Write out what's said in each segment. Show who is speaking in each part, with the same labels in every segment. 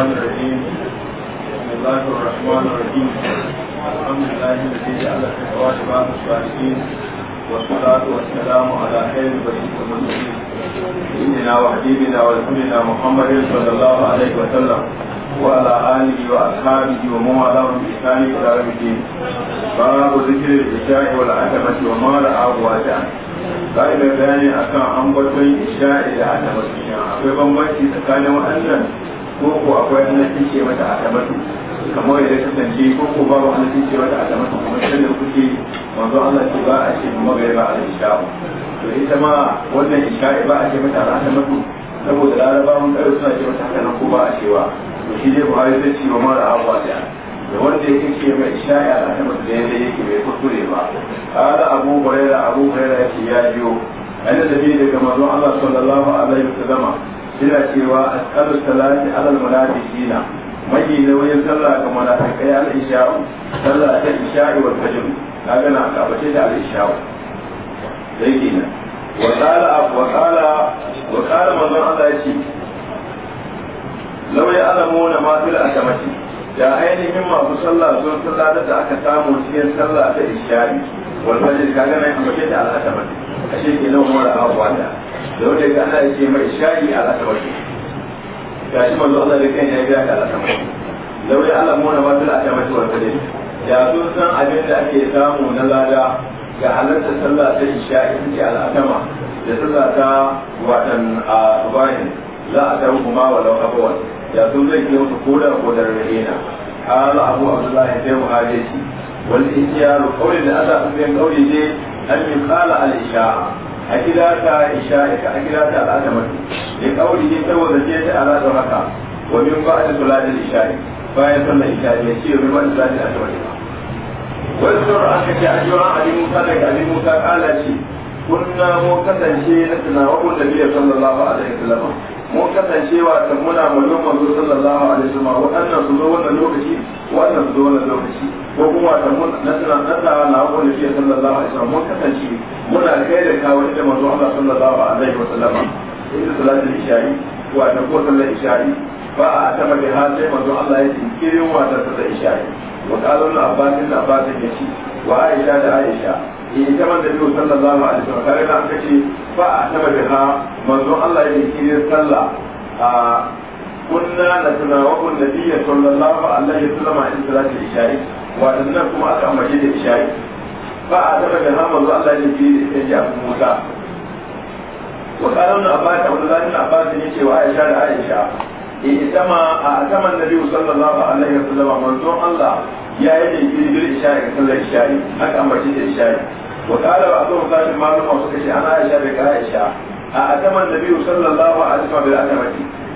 Speaker 1: الشيطان الرجيم بسم الله الرحمن الرحيم الحمد لله الذي جعل في الواجب بعض الصالحين والصلاة والسلام على خير بريد المرسلين سيدنا وحبيبنا ورسولنا محمد صلى الله عليه وسلم وعلى آله وأصحابه ومن والاهم بإحسان إلى يوم الدين باب ذكر العشاء والعتمة وما رآه واجعا ƙa'idar bayani akan ambaton isha'i da aka masu akwai bambanci tsakanin waɗannan ko ko akwai nufin ce mata a tabatu kamar yadda tanci ko ko wani nufin ce mata a tabatu kuma shan da kuke wanzu Allah ce ba a ce bai ba a isha'u to ita ma wannan isha'i ba a ce mata a tabatu saboda mun kawai suna ce mata hakanan ko ba a cewa to shi dai buhari zai ce wa mara abuwa da da wanda ya ce mai ishaya a kan da ya yake bai kuskure ba qala abu hurairah abu hurairah ya ce ya da biyu daga manzon Allah sallallahu alaihi sallama yana cewa a asqalu salati alal munafiqina mai nauyin sallah ga munafiqai al isha'u sallah ta isha'i wal fajr kaga na kabace da al isha'u sai kenan wa qala wa qala wa qala manzon Allah yace law ya'lamuna ma fil akamati da ainihin masu sallah sun fi da aka samu cikin sallah ta ishari wannan ne kaga mai ambace da al'asabar a shi ke nan mara abuwa da da wanda ya ana yake mai ishari al'asabar ga shi manzo Allah da kan ya biya da al'asabar da allah al'amuna ba su al'asabar wanda ne da sun san abin da ake samu na lada ga halarta sallah ta ishari ita ce al'asama da sallah ta watan a bayan za a taru kuma walau abuwa ya tun zai yi wasu koda ko da rage na ala abu abdullahi sai mu haje shi wani in ya ru kauri da ala abu yan kauri ne an yi kala isha a gida ta isha ka a gida ta ala da mutu ya kauri ne sai wanda ke ta ala da ba da kula da isha ne bayan sannan isha ne ce wa min ba da kula da والسرعة في أجرى علي موسى لك علي موسى قال لي كنا مكتنشين نتنا وقل النبي صلى الله عليه وسلم mun wa da muna mulkin manzo sallallahu alaihi wasallam wannan su zo wannan lokaci wannan su zo wannan lokaci ko kuma da mun nasara nasara na ko ne sallallahu alaihi wasallam mun kasance muna kai da kawo da manzo Allah sallallahu alaihi wasallam idan salatul isha'i wa da ko sallar isha'i ba a tama da har sai manzo Allah ya tinkirin wa da sallar isha'i wa qalu da abbasin al-abbasin yace wa aisha da aisha in ta man da biyu sallallahu alaihi wasallam kare da aka ce fa a taba da ha manzon Allah ya yi kirin sallah a kunna na tunawakun nabiyya sallallahu alaihi wasallam a in salati isha'i wadannan kuma aka amince da isha'i fa a taba da ha manzon Allah ya yi kirin da Abu Musa wa qala ibn Abbas wa qala ibn Abbas cewa wa Aisha da Aisha eh, itama a ataman nabiyyu sallallahu alaihi wasallam manzon Allah ya yi jinkiri bil isha'i sallar isha'i aka ambace da isha'i وقال بعضهم قال ما لهم سكشي أنا عائشة بك عائشة أتم النبي صلى الله عليه وسلم بالأتمة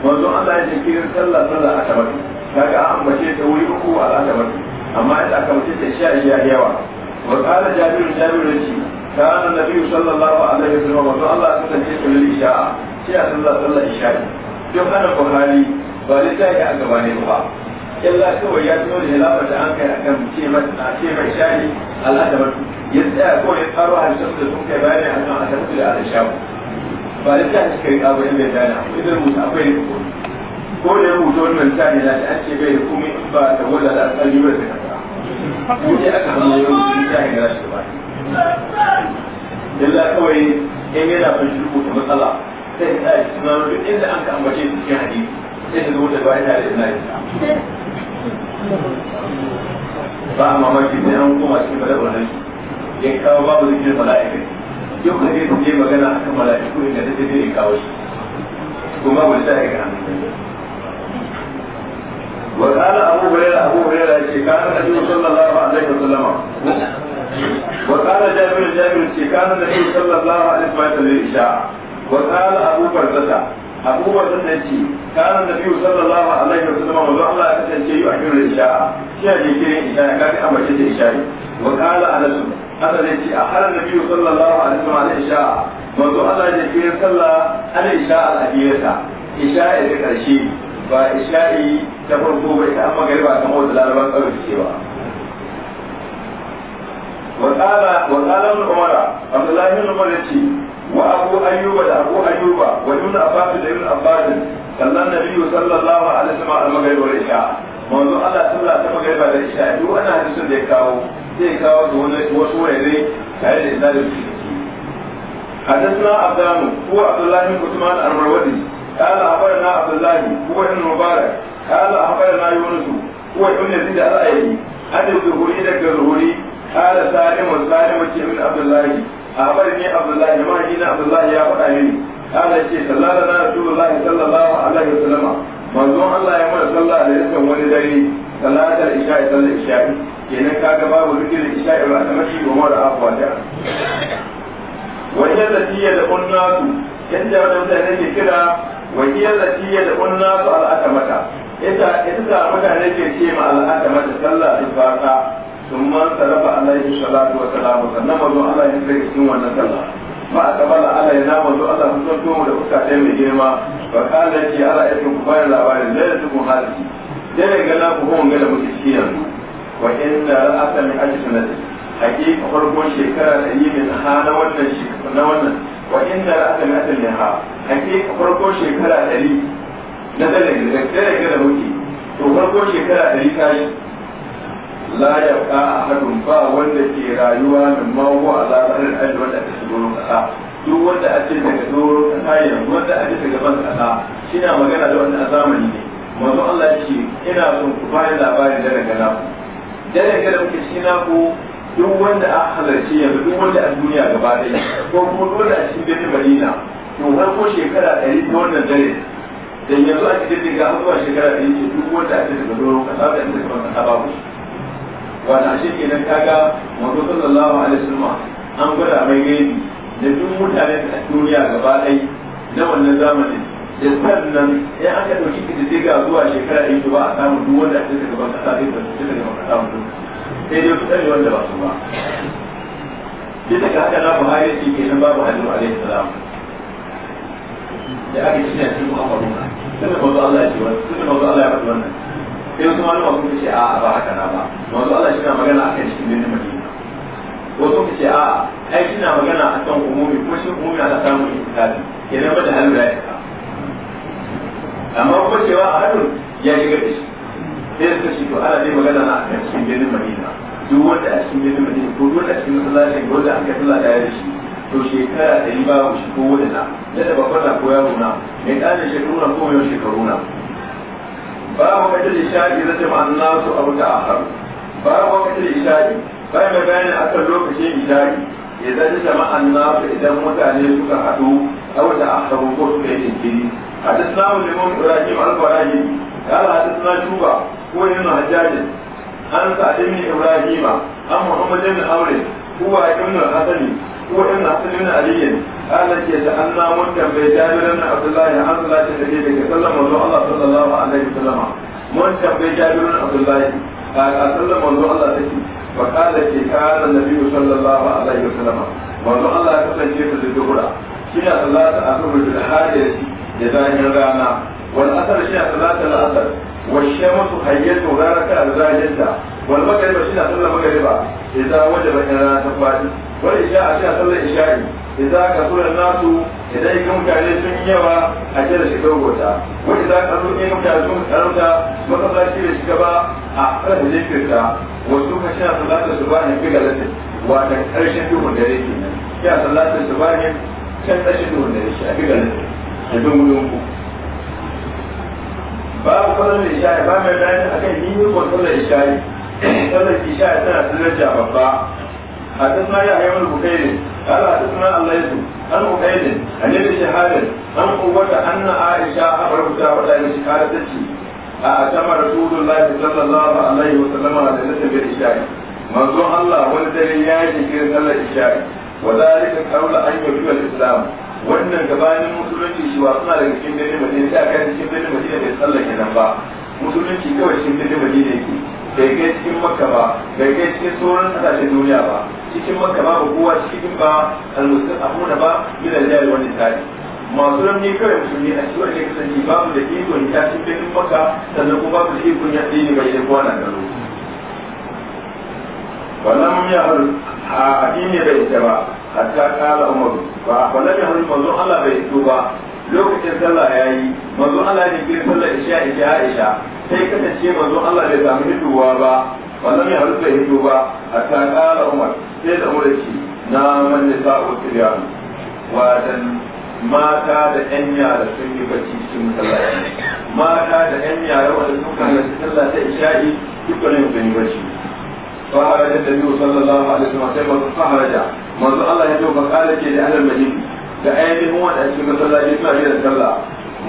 Speaker 1: منذ أن عائشة كير صلى صلى أتمة كاك أعم بشيء تولي أكو على أتمة أما إذا أكملت إشاء إياه يوا وقال جابر جابر رجي كان النبي صلى الله عليه وسلم منذ الله كتنجيس للإشاء شيء صلى صلى إشاء يوم أنا بخاري ba littafi a gabane ba illa kawai ya tuno da hilafa da an kai akan ce mai a ce mai shani al'adamar ya tsaya ko ya faro harshen da sun kai bayani a kan asabu da al'ashabu ba da ta shi kai abu mai dana akwai da rubuta akwai da kuma ko da rubuta wani mai tsari na da an ce bai da komai ba da wanda da alƙali ba da kasa ko dai aka hanyar yau da ta hanyar shi ba illa kawai in yana ban shi rubuta matsala sai ya tsaya shi tunanin inda an ka ambace su cikin hadisi sai ta zo da bayan da ina
Speaker 2: ba a mamaki sai
Speaker 1: an koma cikin bala'ar nan ya kawo babu zikirin mala'ika yau ka je su je magana akan mala'iku inda ta je ya kawo shi kuma ba ta aika wa qala abu hurairah abu hurairah ce kana nabi sallallahu alaihi sallama. wa qala jabir jabir ce kana nabi sallallahu alaihi wasallam wa qala abu barzata abu wanda ta ce kana da biyu sallallahu alaihi wa sallam wanzu Allah ya kasance yi a kiran isha shi ne kiran isha ya kafi ambace da isha wa kala anas haka ne ce a halar da biyu sallallahu alaihi wa sallam isha manzo Allah ya kiran sallah al isha al akhirata ya da karshe ba isha'i ta farko ba ita amma gari ba kamar da larabar tsaro cewa وقال وقال ابن عمر عبد الله بن عمر وابو ايوب أبو ايوب وابن عباس ابن عباس قال النبي صلى الله عليه وسلم على المغرب والعشاء manzo Allah ta Allah ta magana da Isha duk wannan hadisin da ya kawo zai kawo da wani wasu wurare حدثنا عبدان هو عبد الله بن عثمان المروزي قال اخبرنا عبد الله هو ابن مبارك قال اخبرنا يونس هو ابن يزيد الايلي عن الزهري ذكر الزهري قال سالم وسالم من عبد الله أخبرني عبد الله ما جينا عبد الله يا أبو أمين قال شيء صلى na رسول الله صلى الله عليه وسلم manzon Allah ya mana sallah da yakan wani dare salatar isha ya sallar isha kenan kaga babu zikirin isha ba ta mashi wa mara afwa da wajiyar da tiya da unnatu yadda wani mutane ke kira wajiyar da tiya da unnatu al'ata mata ita ita mutane ke ce ma al'ata mata sallah da fata ثم صرف عليه الصلاة والسلام sannan mazo Allah ya wannan sallah ba a kabala Allah ya na mazo Allah sun san tumu da fuska ɗaya mai girma ba kala ce Allah ya ku bayar labarin da ya tukun hali sai gana ku kuma da muke ciki yanzu wa inda ra'asa min aji sanati shekara da yi min ha na wannan shekara min ha shekara ɗari na dalilin gana to shekara la ya ka ahadun ba wanda ke rayuwa min ma a ala zahiril ardi wanda ake shigo kasa duk wanda ake daga doron ta yanzu wanda ake daga ban kasa shi na magana da wanda a zamani ne manzo Allah ya ce ina son ku bani labarin da daga nan da daga muke shi na ku duk wanda a halarci yanzu duk wanda a duniya gaba ɗaya ko kuma duk wanda a cikin birnin Madina to har ko shekara ɗari ta wannan dare da yanzu a cikin daga har shekara ɗari ce duk wanda ake daga doron kasa da daga ban kasa babu shi wani ashe nan kaga manzo sallallahu alaihi wasallam an gwada mai gaibi da duk mutanen da duniya gaba ɗaya na wannan zamanin da sannan in aka ɗauki kididdiga zuwa shekara ɗaya ba a samu duk wanda ake daga ban kasa zai fahimci daga ban kasa mutum sai dai su ɗari wanda ba su ba bisa ga haka na buhari shi ke nan babu hajjin alaihi salam da aka ci na cikin muhammadu sannan mazu Allah ya ce wannan sannan mazu Allah ya faɗi wannan sai wasu malama sun ce a ba haka na ba ai suna magana a kan umumi ko shi umumi aka samu itikafi kenan ba da halu ya isa amma kuma cewa a halu ya shiga da shi sai suka ce to ana dai magana na akan cikin birnin madina duk wanda a cikin birnin madina ko duk wanda a cikin masallacin wanda aka sallah da ya shi to shekara ɗari ku shi ko wani na da da babbar na ko yaro na mai ƙarin shekaru na ko yau shekaru na babu mai da shaɗi da jama'an nasu abu da aharu babu mai da shaɗi bayan mai bayani akan lokacin ishari idan jama'an nasu idan mutane suka haɗu a wata aka rubo suka yi jinkiri a duk samun neman ibrahim al-farahim ya na shuba ko yin na hajjajin an sa'adin ni ibrahima an muhammadin na aure kuwa yin na hasali ko yin na hasali na aliyin ke ta an namun tambe jabirin na abdullahi an salati da ke daga sallama zuwa allah sallallahu alaihi wasallama mun tambe jabirin abdullahi a sallama zuwa allah ta ke فقال كي كان النبي صلى الله عليه وسلم manzo Allah ya kasance ta da dubura shi ne salata a kan da hadisi da zahirin rana wal asar shi ne salata al asar wal shamsu hayyatu raraka al zahirta wal magriba shi ta sallar idza kasura nasu idan kan mutane sun yawa a da shi dogota ko idza kasu in mutane sun karanta masallaci da shiga ba a kada da zikirta wasu ka sha salatu subahi bi galatin wa da karshen duhun dare kenan ya salatu subahi can karshen duhun da shi a bi galatin da dungun ku babu kwallon isha'i ba mai bayani akan yiwu kwallon tana ba a قال حدثنا الليث عن عبيد عن ابن شهاب عن قوة أن عائشة أخرجت وذلك قالت تشي أتم رسول الله صلى الله عليه وسلم على ليلة بالعشاء منظور الله ولدني يا شكر صلى العشاء وذلك قبل أن يبلغ الإسلام wannan gabanin musulunci shi ba suna daga cikin birnin madina sai aka cikin birnin madina bai tsallake nan ba musulunci kawai cikin birnin yake bai kai cikin makka ba bai kai cikin sauran kasashen duniya ba cikin makka babu kowa cikin ba almusul ahuna ba min al-jari wal nisari masu rauni kawai musulmi a cikin wani wanda kasance babu da ikon ya ci cikin makka sannan kuma babu da ikon ya tsini mai da kwana garo wannan ya har a addini bai ita ba hatta kala umaru ba wannan ya har manzo Allah bai ito ba lokacin sallah ya yi manzo Allah ne bai sallah isha isha isha sai kasance manzo Allah bai samu hituwa ba wannan ya harsu bai ba a ta ƙara umar sai da umar shi na manne sa'o kiriyar wadan mata da yan yara sun yi bacci cikin masallaci mata da yan yara wanda sun kallaci sallah ta isha'i dukkanin sun yi bacci فخرج النبي صلى الله عليه وسلم فخرج منذ الله يجوب فقال لي لأهل المدينة فأين هو أن أسلم صلى الله عليه وسلم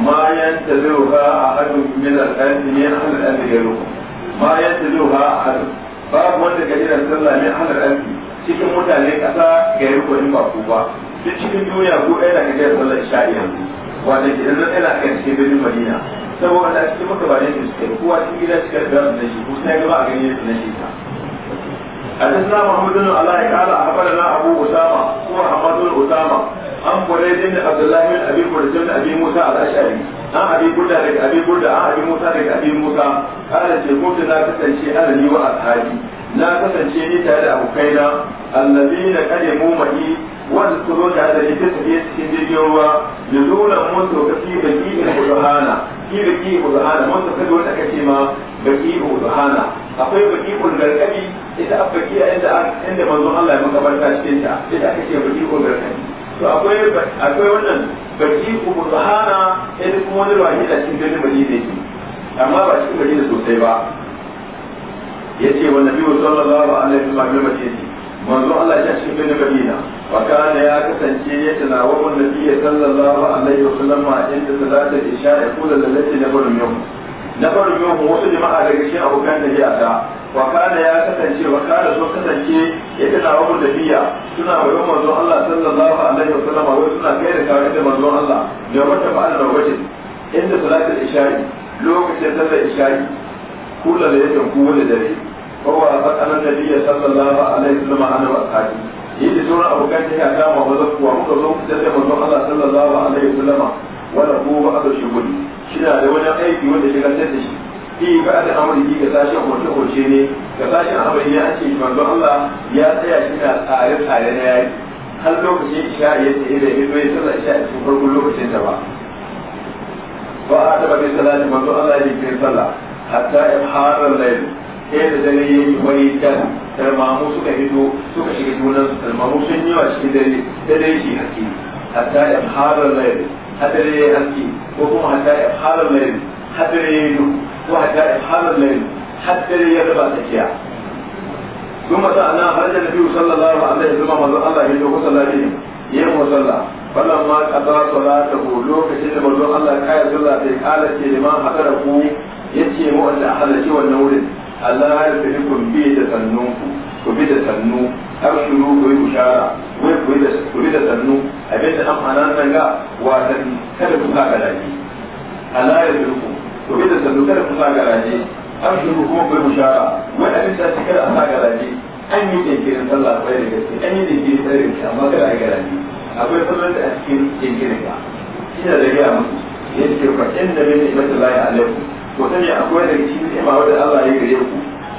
Speaker 1: ما ينتظرها أحد من الأهل من أهل الأهل غيركم ma ya tilo ha ahadu babu wanda ga irin sallah ne halar alfi cikin mutane kasa ga yarko in ba ku ba duk cikin duniya ko ɗaya daga gaya sallar isha'i yanzu wanda ke yanzu ɗaya daga cikin birnin madina saboda a cikin maka ba ne su kai kowa cikin gida cikin da su shi ko sai gaba a gani su na shi ta a حدثنا محمد بن الله a اخبرنا ابو abu usama kuma بن اسامه an buraidin da abdullahi bin abi buraidin da abi musa al-ashari an abi burda daga abi burda an abi musa daga abi musa kala ce kuntu na kasance ana ni wa ashabi na kasance ni tare da abokaina allazina kadimu ma'i wanda su zo tare da ni ta tafiye cikin jirgin ruwa nuzulan musu ka fi da in burhana fi baki burhana musu ka zo da kace ma baki burhana akwai baki gargadi ita abbaki a inda inda manzon Allah ya makabarta cikin ta ita kace baki gargadi to akwai akwai wannan baki ku burhana in kuma wani wani da cikin birnin Madina yake amma ba cikin da sosai ba yace wa Nabi sallallahu alaihi wa sallam Madina manzo Allah ya cikin birnin na wa kana ya kasance ya tanawa Nabi sallallahu alaihi wa sallam inda salatul isha ya kula da lati na gurin yau na farin wasu jama'a daga cikin abokan da ya ta wa kana ya kasance wa kana so kasance ya tana wa da biya suna wa yau manzon Allah sallallahu alaihi wa sallam wai suna kai da kawai da manzon Allah ne wata ba da wace. inda salatul isha'i lokacin sallar isha'i kula da yake ku wani dare ko wa fa'alan nabiyyi sallallahu alaihi wa sallam ana wa ashabi yi da sauran abokan da ya kama wa zakkuwa muka zo da manzon Allah sallallahu alaihi wa sallam wala ko ba aka shi gudu shina da wani aiki wanda shi gantar da shi fi ba da amurki ga sashen hoto hoce ne ga sashen amurki ya ce manzo Allah ya tsaya shi na tsare tsare na yaki har lokacin isha ya tsaye da ido ya tsalla isha a cikin farkon lokacin da ba ba a taɓa bin salati manzo Allah ya yi sallah hatta ya fara laifin sai da dare ya yi wani dan tarmamu suka hito suka shiga junan su tarmamu sun yi wa cikin dare dare shi haƙi hatta ya fara laifin hadari ya hanki ko kuma hatta ya yi ko hatta ya fara mai hadari ya raba ana harjar ya yi ko sallallahu alaihi ya mu sallah lokacin da manzon Allah ka ku yace mu wannan wurin Allah ya da sannu har shuru ko yi wai ku bi da sannu abin da an fara nan ga watan kada ku saka raje ala ya ku bi da sannu kada ku saka raje an shuru kuma ku mushara wai abin da take kada saka raje an yi jinkirin sallah sai da gaske an yi jinkirin sai da gaske amma kada ai garaje akwai sallar da a cikin jinkirin ka shi da gaya musu yace fa inna min ibadillahi akwai wanda Allah ya gare ku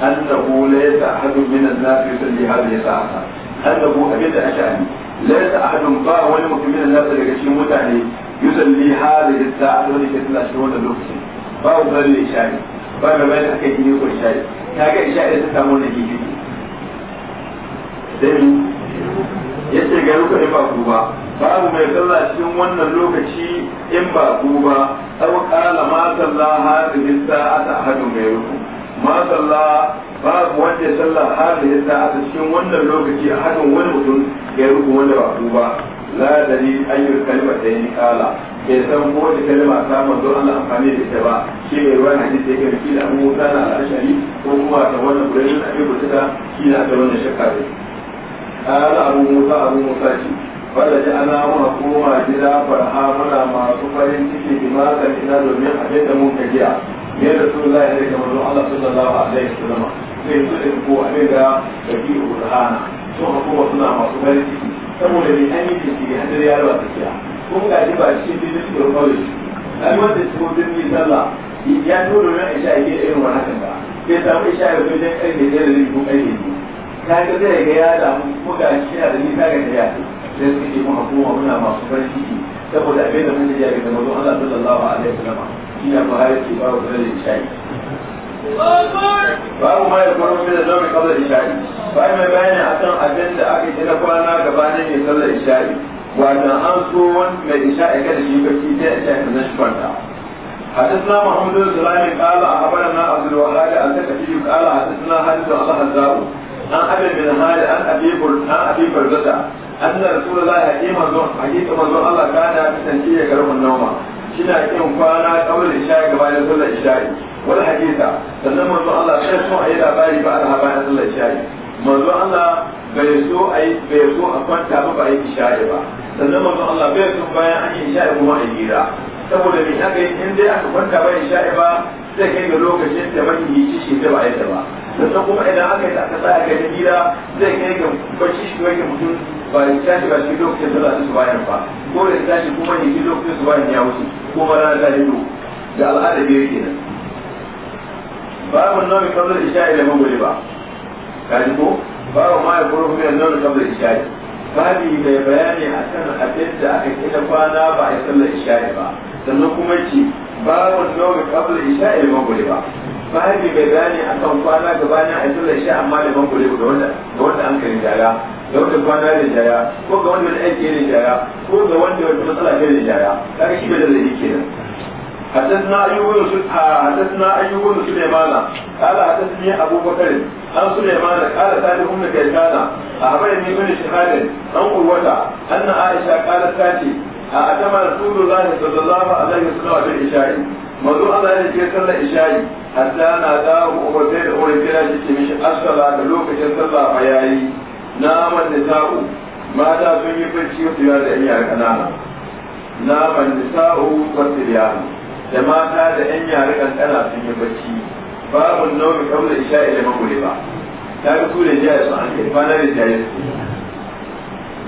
Speaker 1: annahu laysa ahadun min an hadhihi annabu abin da ashani laysa ahadun ba wani mutumin da nasa daga cikin mutane yusalli hadhihi da saa wanda ke tsala shi wannan lokaci ba ku bari ya shari ba ga mai da aka yi ko shari kaga isha'i ta samu wannan gidi dai yace ga ruka ba ku ba babu mai sallah cikin wannan lokaci in ba ku ba aw qala ma sallaha hadhihi as-sa'ata ahadun ghayrukum ma sallaha babu wanda ya salla har da ya sa'a cikin wannan lokaci a hadin wani mutum ya rubu wanda ba su ba la dari ayyul kalma da ni kala bai san ko wata kalma ta manzo Allah amfani da ita ba shi ne ruwan hadisi yake da kila Abu Musa na al-Ashari ko kuma ta wannan Quraysh da Abu shi na da wannan shakka ne ala Abu Musa Abu Musa ce wanda ji ana muna koma gida farha muna masu farin ciki bi ma ka ina domin a da mun ka giya ya rasulullah ya daga manzon Allah sallallahu alaihi wasallam sai su da ko a daga baki urhana to suna masu bari ciki saboda ne an yi ciki har da yaro a tsakiya kun ga ba shi ne da cikin kawai dan wanda su yi sallah ya dole ne Aisha ya yi irin wannan da sai samu Aisha ya zo da kai ne da ne ko kai ne ka ga zai ga ya da mu ga shi da ni ka ga ya sai su ke mu hukuma muna masu bari ciki saboda abin da mun ji ya ga manzon Allah sallallahu alaihi shi na babu kula da shayi babu ma ya kwaro da zama kula da shayi bayan mai bayani a kan abin da aka ji na kwana gabanin mai sallar isha'i wanda an so wani mai isha'i kada shi bacci a sha'i zan shi kwanta حدثنا محمد بن سلام قال اخبرنا عبد الوهاب الثقفي قال حدثنا حدث الله الزاو عن ابي بن هاد عن ابي عن ابي برزه ان رسول الله حكيم حديث منظور الله كان يستنجي shida kin kwana kawai da shayi gaba da sallar isha'i wani hadisa sannan manzo Allah sai so yi labari ba da bayan sallar isha'i manzo Allah bai so ayi bai so a kwanta ba bayan isha'i ba sannan manzo Allah bai so bayan an yi isha'i kuma a yi hira saboda me haka in dai aka kwanta bayan isha'i ba zai kai ga lokacin da yi shi da ba yadda ba sannan kuma idan aka yi da aka tsaya kai da gida zai kai ga bacci shi wani mutum ba ya tashi ba shi lokacin da za su bayan ba ko da tashi kuma ya shi lokacin su bayan ya wuce ko ma rana ta hito da al'ada biyar ba babu nan mai kamar isha'i da magwali ba kaji ko babu ma ya kuro kuma yanzu da kamar isha'i babi mai bayani a kan abin da aka kila kwana ba a yi sallar isha'i ba sannan kuma ce wani nomi kafin isha a liman gure ba ba haifi bai gane kan kwana gabanin a sallar isha amma liman gure ga wanda wanda an kari jaya ga wanda kwana da jaya ko ga wanda wani aiki da jaya ko ga wanda wani matsala ke da jaya kaga shi bai da zai kenan حدثنا أيوب حدثنا أيوب بن سليمان قال حدثني أبو بكر عن سليمان قال سالم بن كيسان أخبرني بن شهاد عن قوة أن عائشة قالت تاتي a atama rasulullahi sallallahu alaihi wasallam bil isha'i mazu Allah ya ce sallar isha'i hatta na dawo uwa sai da uwa kira shi ce mishi assala da lokacin sallah fa yayi naman sa'u, mata sun yi barci wasu yara da yan kanana naman nisa'u wasu yara da mata da yan yara kankana sun yi barci babu nau'i kamar isha'i da ba. ta ga su da jiya su an kai ba na da jiya su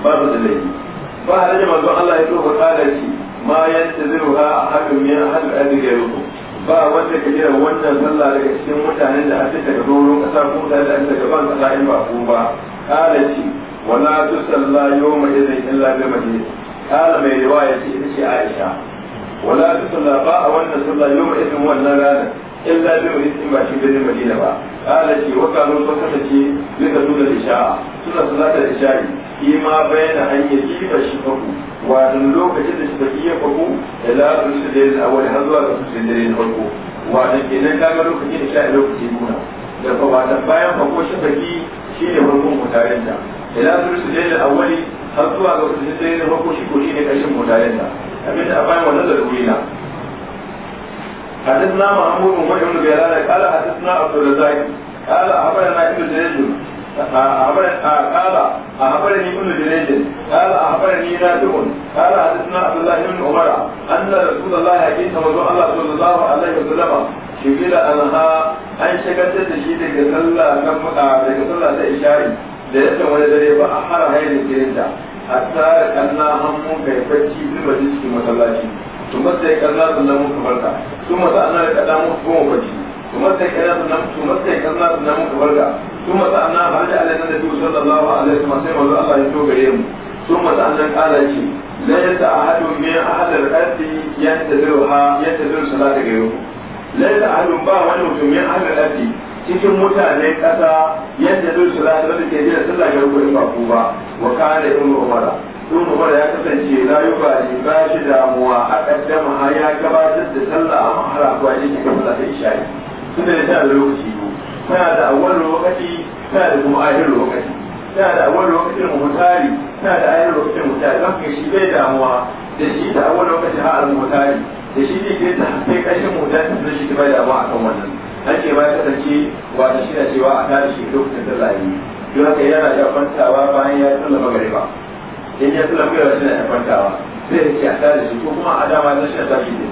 Speaker 1: ba su da laifi ba a rage manzon Allah ya tuba kada shi ma ya yanta ziruha a hakan min hal azga yuku ba wanda ka jira wannan sallah daga cikin mutanen da aka daga doron ƙasa ko da aka daga ban kasa in ba ko ba kada shi wala tusalla yawma idhin illa bi majlis kada mai riwaya ce ita ce Aisha wala tusalla ba a wannan sallah yawma idhin wannan ranar in la bi wani ba shi birnin madina ba kala ce wa kanu sun kasance duka nuna da sha'a suna salatar isha'i shi ma bayyana hanyar shi ba shi faku wato lokacin da shi ba shi ya faku da la'adun su da yin awali har zuwa ga su da dare na farko wato kenan kaga lokacin isha'i lokaci nuna da wato bayan fako shi baki shi ne farkon mutaren da ila su da yin awali har zuwa ga su da dare na farko shi ko shi ne ƙarshen mutaren da abinda a bayan wannan da ruwina حدثنا محمود بن بن جلال قال حدثنا عبد الرزاق قال اخبرنا ابن جريج قال اخبرني ابن جريج قال اخبرني نافع قال حدثنا عبد الله بن عمر ان رسول الله حديث رسول الله صلى الله عليه وسلم شغل عنها ان شكلت تشيد كسلى كم كسلى تشاري da yadda wani dare ba a hara haini kirinta hatta da kanna hannun kai bacci zuba cikin masallaci tumar da ya karna sannan mun kamar ka tumar da ana da kada mun goma baki tumar da ya karna sannan tumar da ya karna sannan mun kamar ka tumar da ana ba da alaihi nabi sallallahu alaihi wasallam sai mazo Allah ya to gare mu tumar da annan kala ce la yata ahadu min ahad al-ardi yantadiruha yantadiru salata gairu la yata ahadu wani mutum min ahad al-ardi cikin mutane kasa yantadiru salata wanda ke jira sallah gairu ba ku ba wa kana da umara sun umar ya kasance la yi ba ne ba shi damuwa a kaddama ha ya gabatar da sallah a mahara kuwa yake ga sallah ta isha'i tun da ta da lokaci biyu tana da awwal lokaci tana da kuma ahir lokaci tana da awwal lokacin mutari tana da ahir lokacin mutari don ka shi bai damuwa da shi ta awwal lokacin ha al-mutari da shi ne ke ta sai kashin mutari da shi bai damuwa kan wannan ake ba ya kasance wata shi na cewa a tashi lokacin sallah ne don haka yana da kwantawa bayan ya sallama gare ba in ya sallar kai wasu na ta kwantawa zai da kiyata da shi ko kuma a dama zai shi ta shi ne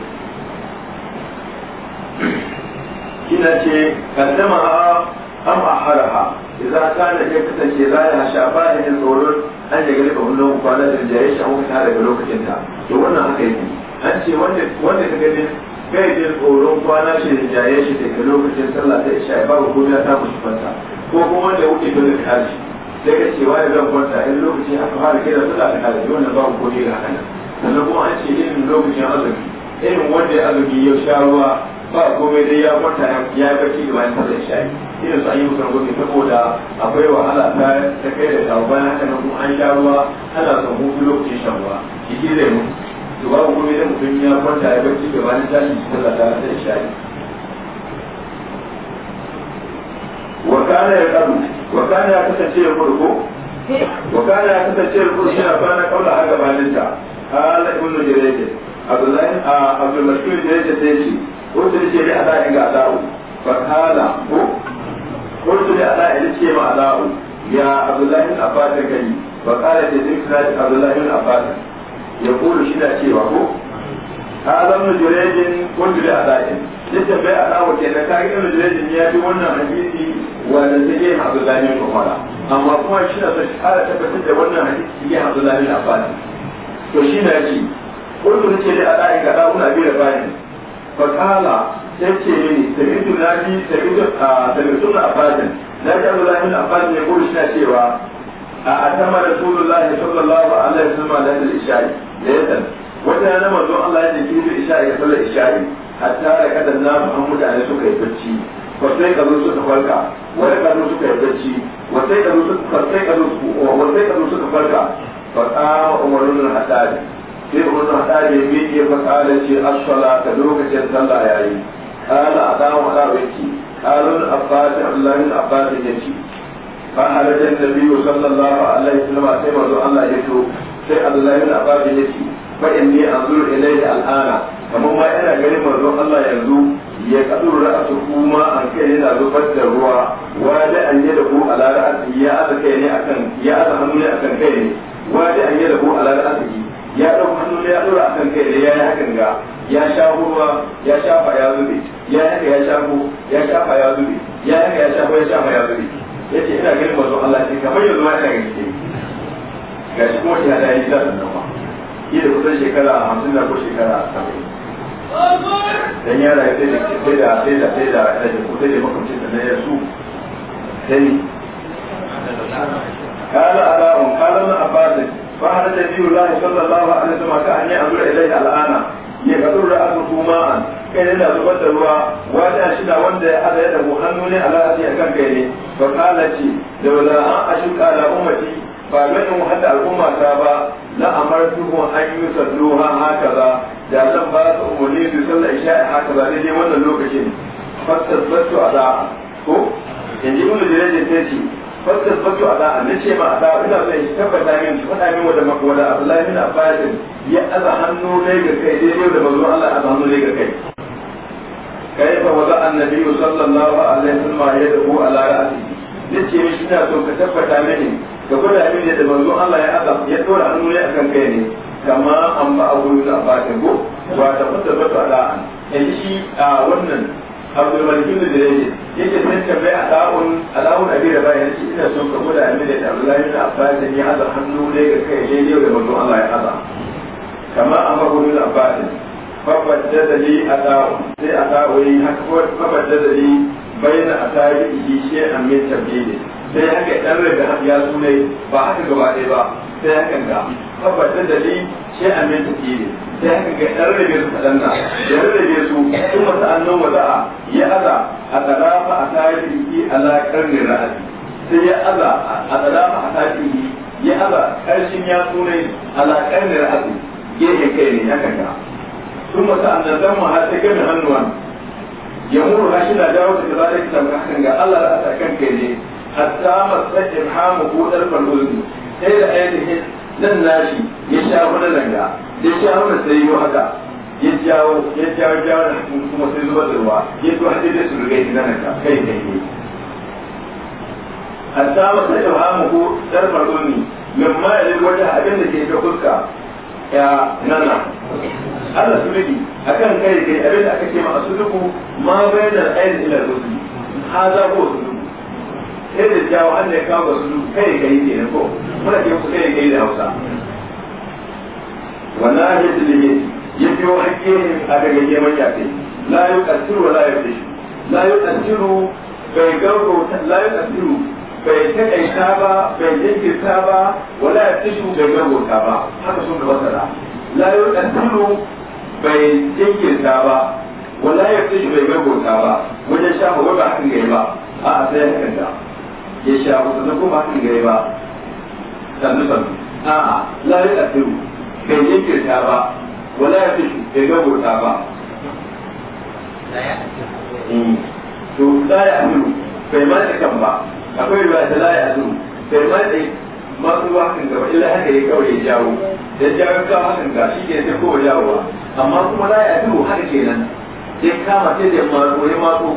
Speaker 1: kina ce kaddama a am a haraha idan ka da ya kasance za ya hasha ba da yin tsoron an ya gari kamar nan kwana da jaye shi an wuta daga lokacin ta to wannan haka yake an ce wanda wanda ka gani kai jin tsoron kwana shi da jaye shi daga lokacin sallah ta isha ba ko ya ta mushi fanta ko kuma wanda ya wuce dole ka shi sai ka ce wani zan kwanta in lokacin aka fara kira suna da aka halarci wannan babu ko ne ga hana sannan kuma an ce irin lokacin azumi irin wanda ya azumi ya sha ruwa ba komai dai ya kwanta ya yi barci da bayan sallar shayi irin su an yi musu rangwame saboda akwai wahala ta ta kai da shawo bayan haka nan kuma an sha ruwa ana son hutu lokacin shan ruwa ke zai mu to babu komai dai mutum ya kwanta ya barci da bayan sallar sallar ta shayi wa kana ya wakana ya kasance ya kurku wakana ya kasance ya kurku yana kwana kaula a gabaninta ala ibn jirage abdullahi abdul mashkur jirage sai ce ko ta ce da ala inga alau fa kala ko ko ta da ala ya ce ma alau ya abdullahi abbas kai fa kala ta zikra abdullahi abbas ya kulu shi da cewa ko ala ibn da littafai alawa ke da kari ibn jirajin ya bi wannan hadisi wanda ta yi hazu lamin kumara amma kuma shi na sai kara tabbatar da wannan hadisi ya hazu lamin abani to shi na ji kullu ce da ala'i ga dawun abi da bani fa kala sai ce ni sabitu nabi sabitu sabitu na abadin na ji hazu lamin abani ne kullu shi na cewa a atama da rasulullahi sallallahu alaihi wasallam da isha'i da ya yatan wata yana manzo Allah ya dinki da isha'i da sallar isha'i hatta da kada na an mutane suka yi bacci wasai kazo suka farka wani kazo suka yi bacci wasai kazo suka wasai kazo wasai kazo suka farka fa qama umarun hadari sai umarun hadari ya miƙe fa qala ce as-salata lokacin sallah yayi qala adamu ala wiki qala al-abbas Allah al-abbas yace fa halaja an-nabi sallallahu alaihi wasallam sai manzo Allah ya to sai Allah ibn abbas yace fa inni anzuru ilayhi al-ana amma ma yana ganin manzon Allah yanzu ya kadu ra'su kuma an kai yana zubar da ruwa da an yi yada ku ala ra'si ya aka kai ne akan ya aka hannu ne akan kai ne da an yi yada ku ala ra'si ya dau hannu ne ya dora akan kai ne ya yi hakan ga ya sha ruwa ya shafa ya zube ya haka ya ku ya shafa ya zube ya haka ya shafo ya shafa ya zube yace ina ganin manzon Allah ce kamar yanzu ma ina ganin gashi kuma shi hada ya yi zaɓin nan ba iya da kusan shekara hamsin na ko shekara saba'in
Speaker 2: dan
Speaker 1: yara ya sai da sai da sai da sai da sai da sai da makamci da na yasu sai kala ala'un kala na abada fa hada da biyu lahi sallallahu alaihi wasallam ka an yi azura ilai al'ana ya kadur kuma an kai ne da zubar da ruwa wata shida wanda ya hada ya dago hannu ne ala hadi kan kai ne fa kala ce da wala an ashuka kala ummati ba don in hada al'umma ta ba la amartuhum an yusalluha hakaza da zan ba ka umarni da sallar isha a haka ba daidai wannan lokacin fastasbattu a da'a ko in ji ibnu jirajin ta ce fastasbattu a da'a na ce ma a da'a ina zai shi tabbata min shi faɗa min wada makwada abdullahi bin abbasin ya aza hannu ne ga kai daidai da manzon Allah aza hannu ne ga kai كيف وضع النبي صلى الله عليه وسلم يده على رأسه nace mishi ina so ka tabbata mini ka gwada mini da manzon Allah ya azab ya dora hannu ne akan kai ne kama an ba abu da ba ta go ba ta fata ba ta da an yanzu shi a wannan abdul malikin da yake yake sai ka bai alawun alawun abi da bayan shi ina son ka gode annabi da Abdullahi da Abbas ne haza hannu ne ga kai ne yau da manzo Allah ya haza kama an ba abu da Abbas fafadda da li alawun sai alawun haka fafadda da bai na a tarihi shi an mai tabbini sai haka dan rabi ya sunai ba haka gaba ɗaya ba sai haka ga tabbatar da ni shi a mai tafiye sai haka ga ɗan rabe su kaɗan na ya rabe su sun masa annan wada'a ya aza a tsarafa a tarihi ki ala ne ra'adi sai ya aza a tsarafa a tarihi ya aza ƙarshen ya sunai ala ne ra'adi yi kai ne ya kaka sun masu annan zan ma har sai gami hannuwan ya muru ha shi na dawo da zalika tamka hakan ga Allah ra'a kan kai ne hatta masa ibhamu ko ɗarfar ulmi sai da ayyuka nan nashi ya sha wani ranga ya sha wani sai yi haka ya jawo ya jawo jawo da kuma sai zuba da ruwa ya zuwa hadin da su rigai nan ka kai kai ne hatta masa da hamu ko dar faruni min ma ya wata abin da ke ta fuska ya nana Allah sulidi akan kai kai abin da aka ce ma asuduku ma bayyana ayin ila rusuli hada ko suluku sai da jawo an da ya kawo su kai ga yi ne ko muna ke ku kai ga yi da Hausa wallahi yi ne ya biyo hakke a daga yeman ya kai la yuqtiru wa la fi la kasiru bai gauro la kasiru bai kai ta ba bai jinkir ta ba wa fi shi bai gauro ta ba haka sun da wasara la kasiru bai jinkir ta ba wa fi shi bai gauro ta ba wajen shafa wai ba hakan gai ba a sai hakan da ya sha wasu na kuma haka gare ba sannu sannu a la da tafiru bai jinkirta ba wala ya fishu bai gaburta ba mm. to la ya tafiru bai ma da kan ba akwai ruwa da la a tafiru bai ma da masu ba hakan gaba illa haka ya kawai ya jawo da jawo ka hakan ga shi ke ta kowa ba. amma kuma la a tafiru haka kenan ya kama sai da ya mato ya matso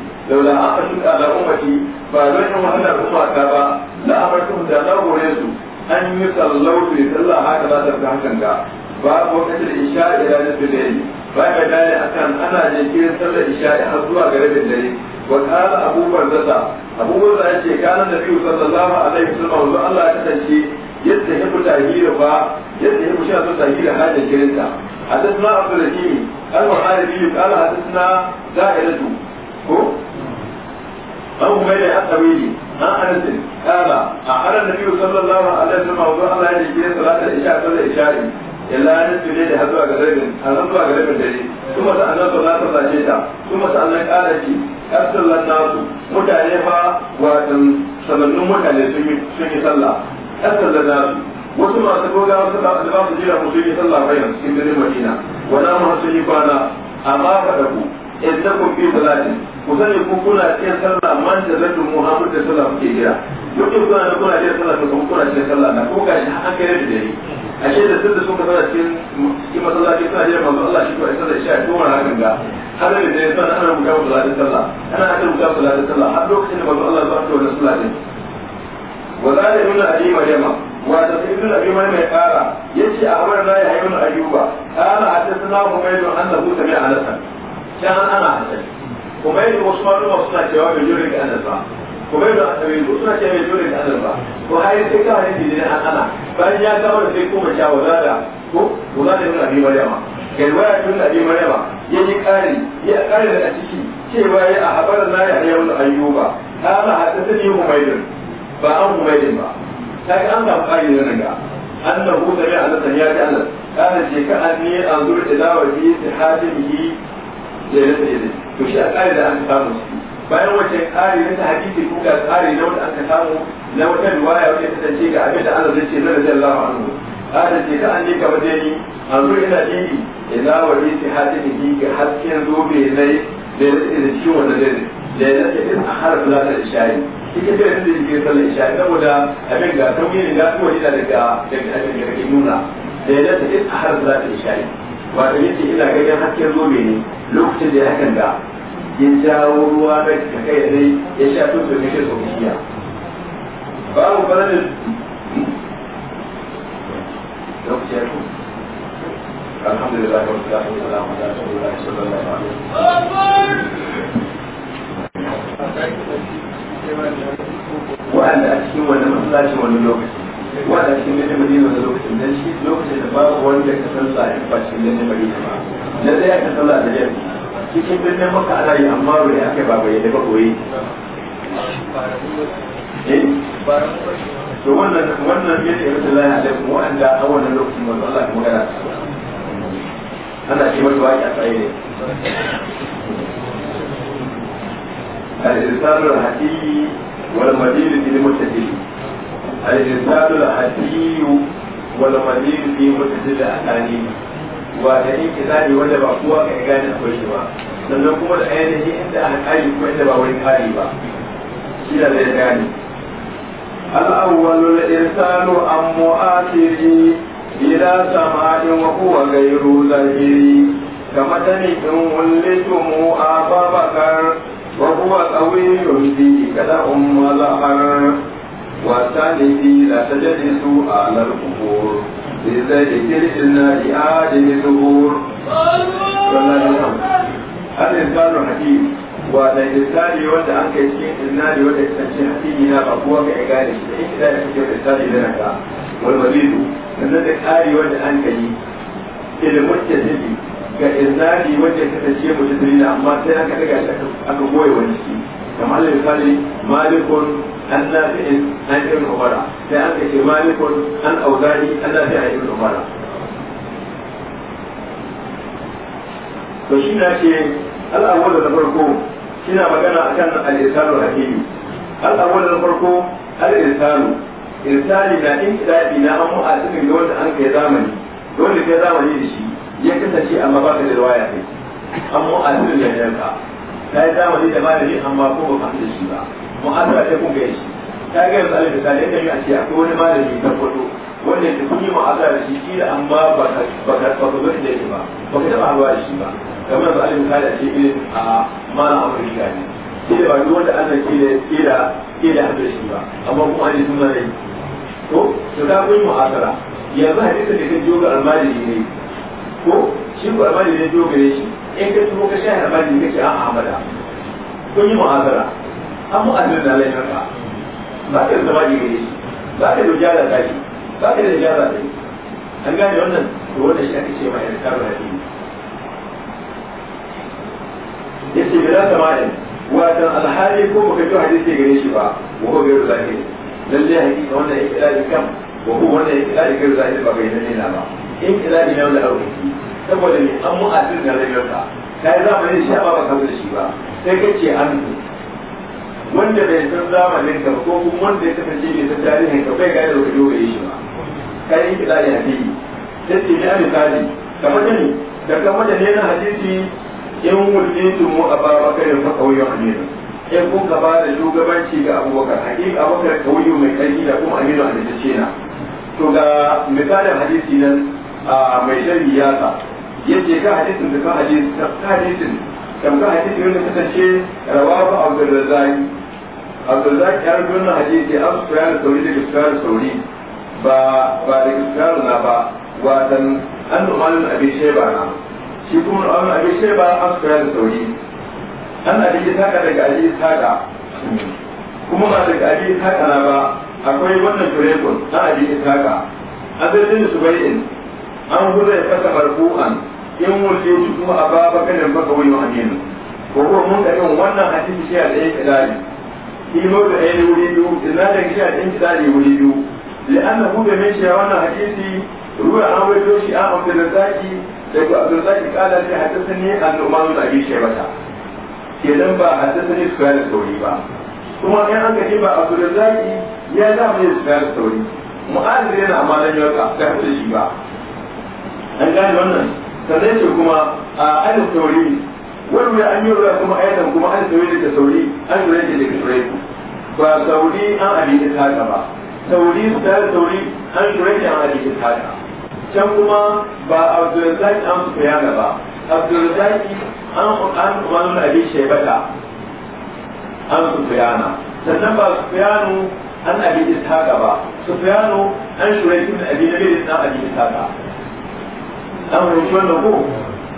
Speaker 1: laula an ashud ala ummati ba don in wahala al'umma ta ba la amartu da na gore su an yi sallautu ya salla haka za ta hakan ga ba lokacin isha ila da bilayi ba ga dai akan ana jinkirin sallar isha har zuwa ga rabin dare wa qala abu barzata abu barzata yace kana nabi sallallahu alaihi wasallam Allah ya kasance yadda ya fita hira ba yadda ya fita ta hira har da kirinta حدثنا عبد الرحيم المحاربي قال حدثنا زائدة أو غير الطويل عن أنس قال أخر النبي صلى الله عليه وسلم وضوء الله يجي صلاة العشاء صلى العشاء إلا أن تريد هذا غريب هذا غريب الدليل ثم سألنا صلاة الله جيدا ثم سألنا قال لي أرسل الناس متعرفة وأن سمنوا متعرفة في صلاة أرسل الناس wasu masu goga wasu da za su jira musu yi sallah bayan cikin birnin madina wani amma sun yi kwana amma faɗa ku innakum fi salatin ku sani ku kuna cikin sallah man da zatu muhammad da sallah kuke jira duk in kuna da kuna cikin sallah to kuma kuna cikin sallah na kuma gashi an kai da dare ashe da sun da sun kasance cikin cikin masallaci suna jira manzo Allah shi ko ai sallah shi ai kuma hakan ga har da dare sana ana buga salatin sallah ana aka buga salatin sallah har lokacin da manzo Allah ya zo da salatin وقال ابن ابي مريم وتفسير a ابي مريم a يجي امرنا يحيى بن ايوب قال حدثنا حميد انه سمع انسا dan ana hasali kuma yadda suna cewa bai jure ga anas ba asabi suna cewa bai jure ga anas ba ko har sai ka an ana bayan ya kawo da sai kuma shawara da ko wala da Abi Maryama galwaya tun Abi Maryama yayi kari ya kari da ciki cewa ya habar na ya hayya wal ayyuba kana hadathani Humaydin ba an Humaydin ba sai an ga kari ne ga annahu sami'a anas ya ji anas kana ce ka anni anzur ila wajhi hajjihi ya rasa ya to shi a ƙari da an samu ciki bayan wace ƙari na ta hakiki ko ga ƙari na wanda aka samu na wata riwaya wanda ta tace ga abin da Allah zai ce na radiyallahu anhu ƙara ce ka an ka waje ni a zo ina jini ina wa risi hadin ni ga hasken zobe na yi da ya rasa da ciwon wanda zai da ya rasa da a harfi za ta ishayi ita ce da ke sallar ishayi saboda abin ga sauyi ne ga kuma ina daga daga abin da kake nuna da ya rasa da a harfi za ta ishayi wato yace ina ganin hasken zobe ne lokacin da ya hakan da ya jawo ruwa da kai dai ya sha to to kashe so kishiya babu fadalin lokacin ya الحمد لله رب العالمين والسلام على رسول الله wanda lokacin shi lokacin da wanda ka san sa ba ba da zai da cikin birnin maka ana yi amma ba koyi eh? to wannan wannan yadda ya a wannan lokacin wanda Allah magana ana ce waƙi a tsaye ne al wal lil muttaqin al-insanu al-hadiyu wal madin fi mutadil al-ani wa da yake wanda ba kowa ka gane akwai shi ba sannan kuma da ainihi inda an kari ko inda ba wani kari ba shi da zai gane al-awwal al-insanu am mu'atiri ila sama'in wa huwa ghayru zahiri كمثل إن ولدتم أبا بكر وهو قوي به كذا أم ظهر والثالث لا تجلس على القبور لذلك النار آدم الظهور هذا إنسان حكيم وأنا إنسان يودع عنك شيء النار يودع شيء حكيم هنا بقوة كعقالي شيء لا يحكي الإنسان إذا نكا والمزيد أن الإنسان يودع عنك إلى متجدد كإنسان يودع كتشيء متجدد أما سيئا كتشيء أكبر ويشيء kamar alal misali malikun an nafi'in an irin umara sai an kace malikun an auzari an nafi'in an irin umara to shi na ce al'awwal da farko kina magana akan al-irsalu hakimi al'awwal da farko al-irsalu irsali na in kidadi na amma a cikin da wanda an kai zamani dole kai zamani da shi ya kasance amma baka da riwaya kai amma yanka ta yi zamani da malami amma ko ba fahimta shi ba mu mu'asara sai kun gaya shi ta gaya misali da sale da a ce akwai wani malami na kwado wanda ke kun yi mu mu'asara da shi kila amma ba ka ba ka ba ka da shi ba ba ka taɓa ruwa da shi ba kamar da misali misali a ce irin a mana amurka ne kila ba duk wanda ana kila kila kila da shi ba amma kuma an yi suna ne ko to ta kun yi mu ya yanzu hadisa da ke jiyo ga almajiri ne ko shi ko almajiri ne biyo gare shi in ka tuho ka shahin almajiri kake an ahmada kun yi mu'azara an mu'azirin da laifin ka ba ka da zama gare shi ba ka da jara da shi ba ka da jara shi an gane wannan to wannan shi ake ce ma yarda da hadisi yace bila sama'in watan alhali ko ba ka ji hadisi gare shi ba wa ko gare zahiri lalle hakika wannan ya kira da kam ba ko wannan ya kira da gare zahiri ba bayyana ne na ba in kira ni nan da arziki saboda ne an mu'asir da ka kai za mu zamanin shi ba ka da shi ba sai ka ce an wanda bai san zamanin ka ko kuma wanda ya kasance bai san tarihin ka bai gane da wajen bai shi ba kai in kira ni hadisi sai ce ni a misali kamar da ni da kamar da ne na hadisi in wulitu mu a ba bakar fa kauyen aminu in kun ka ba da shugabanci ga abubakar hakika abubakar kauyo mai karfi da kuma aminu a da ce na to ga misalin hadisi nan mai shari ya sa yace ka hadisin da ka hadisin ka hadisin kan ka hadisin wanda kasance rawahu abdurrazzaq abdurrazzaq ya rubuta wannan hadisi an su da sauri daga gaskar sauri ba ba da gaskar na ba watan an umarun abin sheba na shi kuma umarun abin sheba an su da sauri an yake taka daga abin taka kuma ba daga abin taka na ba akwai wannan turekun na abin taka azalin subai'in an huda ya fasa harkuhan in wurce shi kuma a baba kanin baka wani wani ne ko ko mun da yin wannan hadisi shi a ɗaya kidali kilo da ɗaya ne wuri biyu zinadar shi a ɗaya kidali wuri biyu an na da mai shi a wannan hadisi ruwa an wato shi a amfani da zaki da ku abu zai zaki kala sai hadisi ne a zuman da abin shi bata ke dan ba hadisi ne su kayan da sauri ba kuma in an ka ba abu da zaki ya za mu yi su kayan da sauri mu'adir amma amalan yau ka ta hadisi ba an gane wannan sannan ce kuma a alif tauri wani mai an yi ruwa kuma ayatan kuma an tauri da sauri an tauri da daga sauri ba sauri an abin da taka ba sauri da tauri an tauri da an abin da taka can kuma ba abdulrazak an su yana ba abdulrazak an an wani abi shaibata an su na sannan ba su nu an abin da taka ba su nu an shuraikin abi da bai da abi da taka an rubuci wannan ko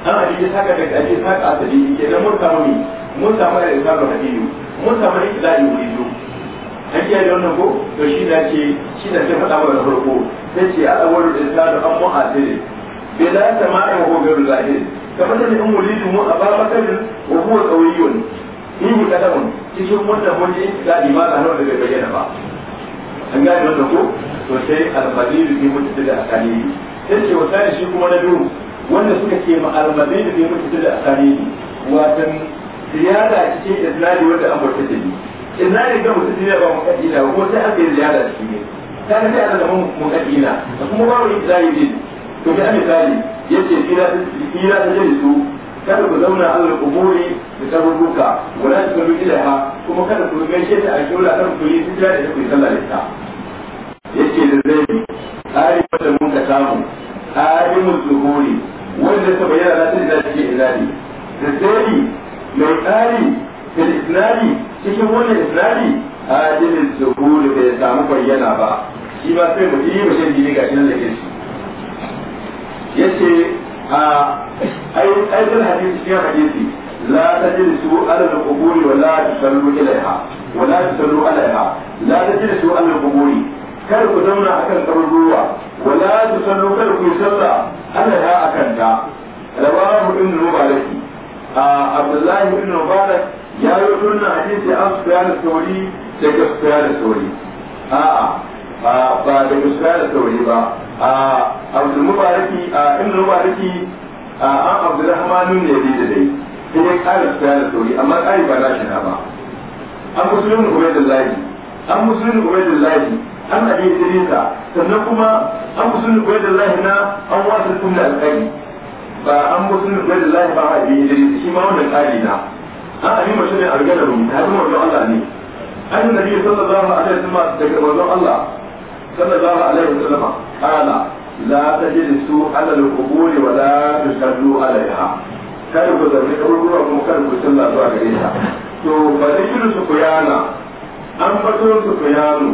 Speaker 1: an hadisi haka da kaji haka asali ke da mun samu ni mun samu da isabu hadisi mun samu da ilahi wuri do an kiyaye wannan ko to shi na ce shi na ce faɗa mana farko sai ce al'awalu isanu an mu'adili bila sama'i wa gobe zahiri kamar da in wulidu mu a babakarin wa huwa tsawiyun in mun cikin wannan wani intikadi ma da hannu da bai bayyana ba an gane wannan ko to sai al-fadil bi mutadda akali sai ce wata ne shi kuma na biyu wanda suka ce ma'almalai da zai mutu da asali ne watan ziyara cikin iznani wanda an bauta da ni iznani ga mutu da ba mu kadina ko sai an bai ziyara cikin ne ta ne ana da mu kadina da kuma ba mu iznani ne to ga misali yace fira fira da jinsu kada ku zauna a wani kuburi da tarurruka wala ta kalu ilaha kuma kada ku gaishe ta a kula kan ku yi sujja da ku yi sallah da ta yace da zai ari wanda mun ka samu alimul zuhuri wanda ta bayyana na tun da take ilani da tsari mai tsari da isnadi cikin wannan isnadi alimul zuhuri bai samu bayyana ba shi ba sai mu yi mashin dini ga shi nan da ke shi yace a aikin hadisi cikin hadisi لا تجلسوا على القبور ولا تصلوا إليها ولا تصلوا عليها لا تجلسوا على القبور kar ku zauna a akan kaburbuwa wala su sallu kar ku salla ana ya kan ta rawahu da shi a abdullahi ba mubarak ya yi wannan hadisi an sufyan sauri daga sufyan sauri a'a ba daga da sauri ba a abdul mubaraki a da shi a an abdurrahman ne da dai sai ya kara da sauri amma kari ba na shi na ba an musulmi ubaidullahi an musulmi ubaidullahi an aje sirrinka sannan kuma an musulun bai da lahi na an wasu tun da alƙari ba an musulun bai da lahi ba a aje sirrinka shi ma wannan ƙari na an amin mashi ne a rigar mu ta hannun wajen Allah ne an yi nabi sallallahu alaihi wasallam daga wajen Allah sallallahu alaihi wasallam ala la ta da su ala al-qubur wa la ta tusallu alaiha kada ku zargi kaburbuwa kuma kada ku sallah zuwa gare ta to ba da shirin su kuyana an fato su kuyanu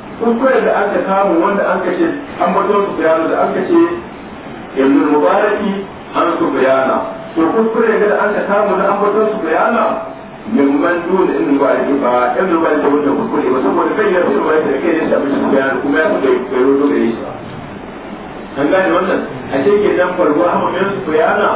Speaker 1: kuskure da aka samu wanda an kace an bato su bayanu da an kace yanzu mubaraki an su bayana to kuskure da aka samu da an bato su bayana min man duna in ba mubaraki ba in da wanda kuskure ba saboda kai ya fi mubaraki da kai ne shi abin su bayana kuma ya fi da rodo da shi an gane wannan a ce ke nan farko amma min su bayana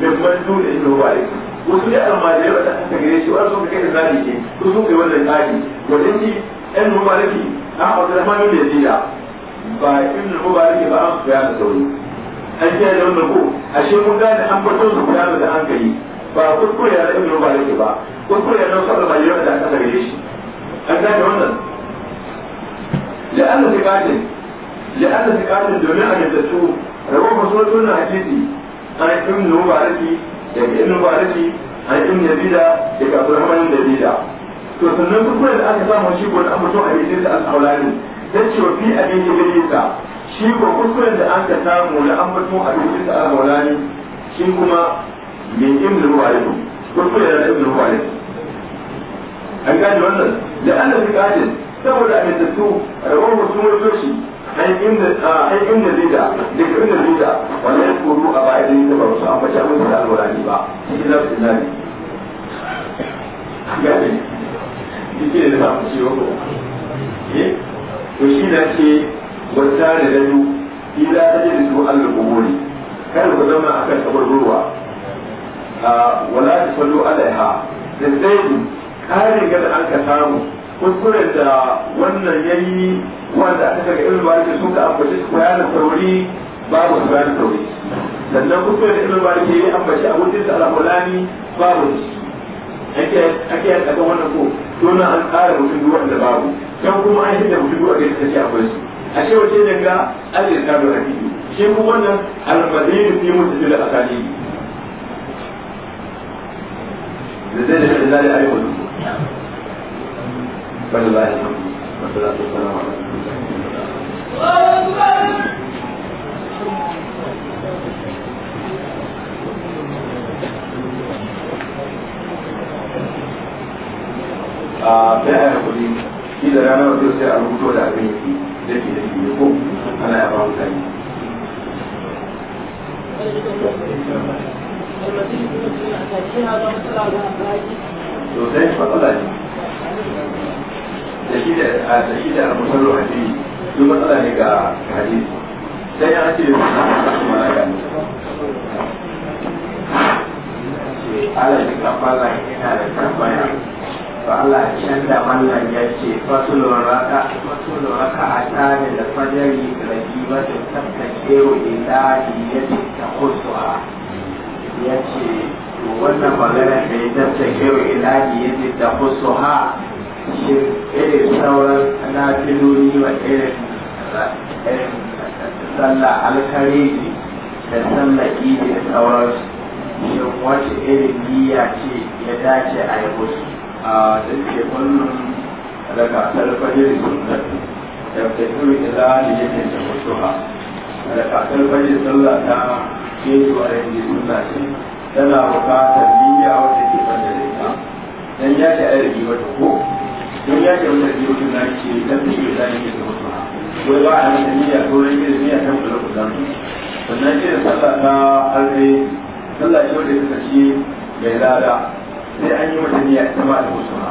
Speaker 1: min man duna in ba mubaraki wasu da almajirai wata aka gare shi wani sun kai da zaɗi su sun kai wannan tsari wajen ci ɗan mubaraki na abdurrahman bin yazida ba ibn mubarak ba an fiya da sauri an ce da wannan ko ashe mun gane an fito su fiya da an kai ba kuskure da ibn mubarak ba kuskure da sabon bayyana da لأن ثقات لأن ثقات الجميع يدسوا رواه مسورة من حديثي عن ابن مبارك يعني ابن مبارك عن ابن يزيد لك عبد الرحمن to sannan duk da aka samu shi ko da aka so a yi da aulani dan cewa fi abin iblisa shi ko kuskuren da aka samu da an mutu a cikin da aulani shi kuma min ibn ruwayi kuskure da ibn ruwayi an gane wannan da Allah ya gane saboda abin da su rawar mutum wato shi an inda an inda zida daga inda zida wannan kuru a bayan da yake ba su ambaci abin da aulani ba shi da sunani gane yake da ba ku ciwo ko eh to shi na ke wata da dadu ila ta da su Allah ko kuburi kar ku zama akan kaburburwa a wala ta sallu alaiha da zai kare ga da an ka samu kuskuren da wannan yayi wanda aka ga ilmi ba sun ka ambaci su bayanin tauri babu su bayanin tauri sannan kuskuren da ilmi ba ke ambaci a wurin da al'ulani babu su ake yadda kan wannan ko to an tsara mutum duk wanda babu can kuma an shirya mutum duk wanda ta ce a su a ce wace ne ga a fili shi kuma wannan almadini fi da asali da zai da shi zai ayi wani bari ba ya samu masalatu salama
Speaker 2: Allahu Akbar a sai a yi kuɗi shi
Speaker 1: da ranar wasu sai a rubuto da abin yake da ke da ke ne ko ana yaba mutane.
Speaker 2: sosai matsala ne da shi
Speaker 1: da da shi da musallu hadisi duk matsala ne ga hadisi sai ya a yin kuma na gani ala shi kan fara yana da tambaya to Allah canza wannan ya ce fasulun raka a tare da fajari rabi wajen tsaftace wa ilahi ya ce ta kusurwa to wannan magana da ya tsaftace wa ilahi ya ce ta kusurwa irin sauran na filoli wa irin da sallah da sauransu wata irin giya ce ya dace a yi musu a da ke kullum daga talfajir sunnati da ta yi ila da yake da mutuwa daga talfajir sallah ta keto a yanzu sunna ce tana bukatar niyya wata ke banda da ita dan ya ce a yi wata ko don ya ce wata biyu suna ce dan ta ke da yake da mutuwa wai ba a yanzu niyya ko rage ne niyya kan kula kula sannan ce da sallah ta arzai sallah ce wata ta ce mai lada sai an yi mata niyya ita ma da wasu ma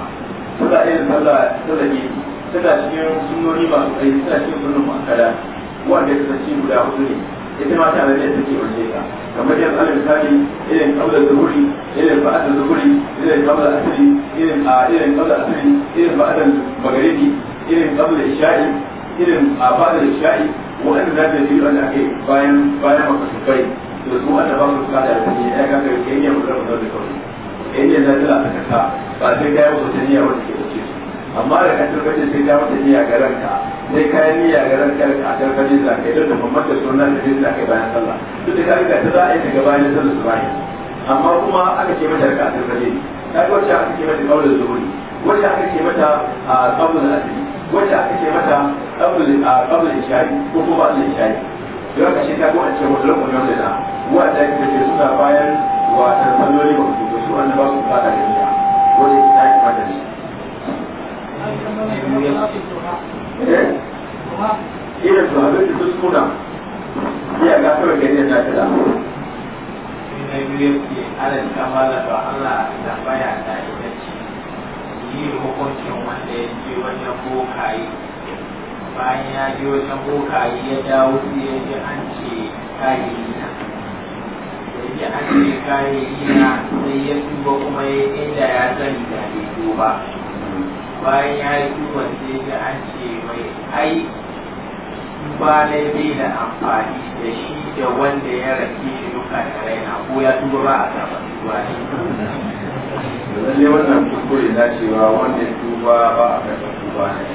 Speaker 1: suna irin sallah sallah ne suna cikin sunnoni masu kai suna cikin sunnon makara wanda ya kasance guda hudu ne ita ma tana da take wace ka kamar yadda alal misali irin kabla zuhuri irin ba'da zuhuri irin kabla asiri irin a irin kabla asiri irin ba'da magaribi irin kabla isha'i irin a ba'da isha'i wa'anda za ta yi wanda ake bayan bayan makasubai to su wanda ba su kada da ne ya kaka yi kai ne mu zama da kawai in yi nazila ta kasa ba sai kai wata niyya wanda ke wuce su amma da ka tarbace sai ka wata niyya ga ranka sai ka yi niyya ga ranka a tarbace da kai don da mamman da sunan da jinda kai bayan sallah ta da ka ga ta za a yi daga bayan sallah su bayan amma kuma aka ce mata ka tarbace ta ga wacce aka ce mata kaulin zuhuri wacce aka ce mata a kaulin asiri wacce aka ce mata kaulin ishari ko kuma ba ishari don haka shi ta a wacce wata lokacin da wanda ya ce suna bayan wa ta salloli ba su su an ba su fada da ita ko da ta ki fada ne eh ira to abin da su kuna ya ga kawai gari da ta da na biyu ke alal kamala da Allah da baya ta ita yi hukuncin wanda ya je wajen bokaye bayan ya je wajen bokaye ya dawo sai ya ji an ce kayi na yake an ce kare ina sai ya tuba kuma ya inda ya sani da ya tuba bayan ya yi tuba sai ga an ce mai ai ba laifi da amfani da shi da wanda ya rake shi duka da raina ko ya tuba ba a saba tuba ne
Speaker 2: zan yi wannan kuskure na cewa wanda ya
Speaker 1: tuba ba a karɓa tuba ne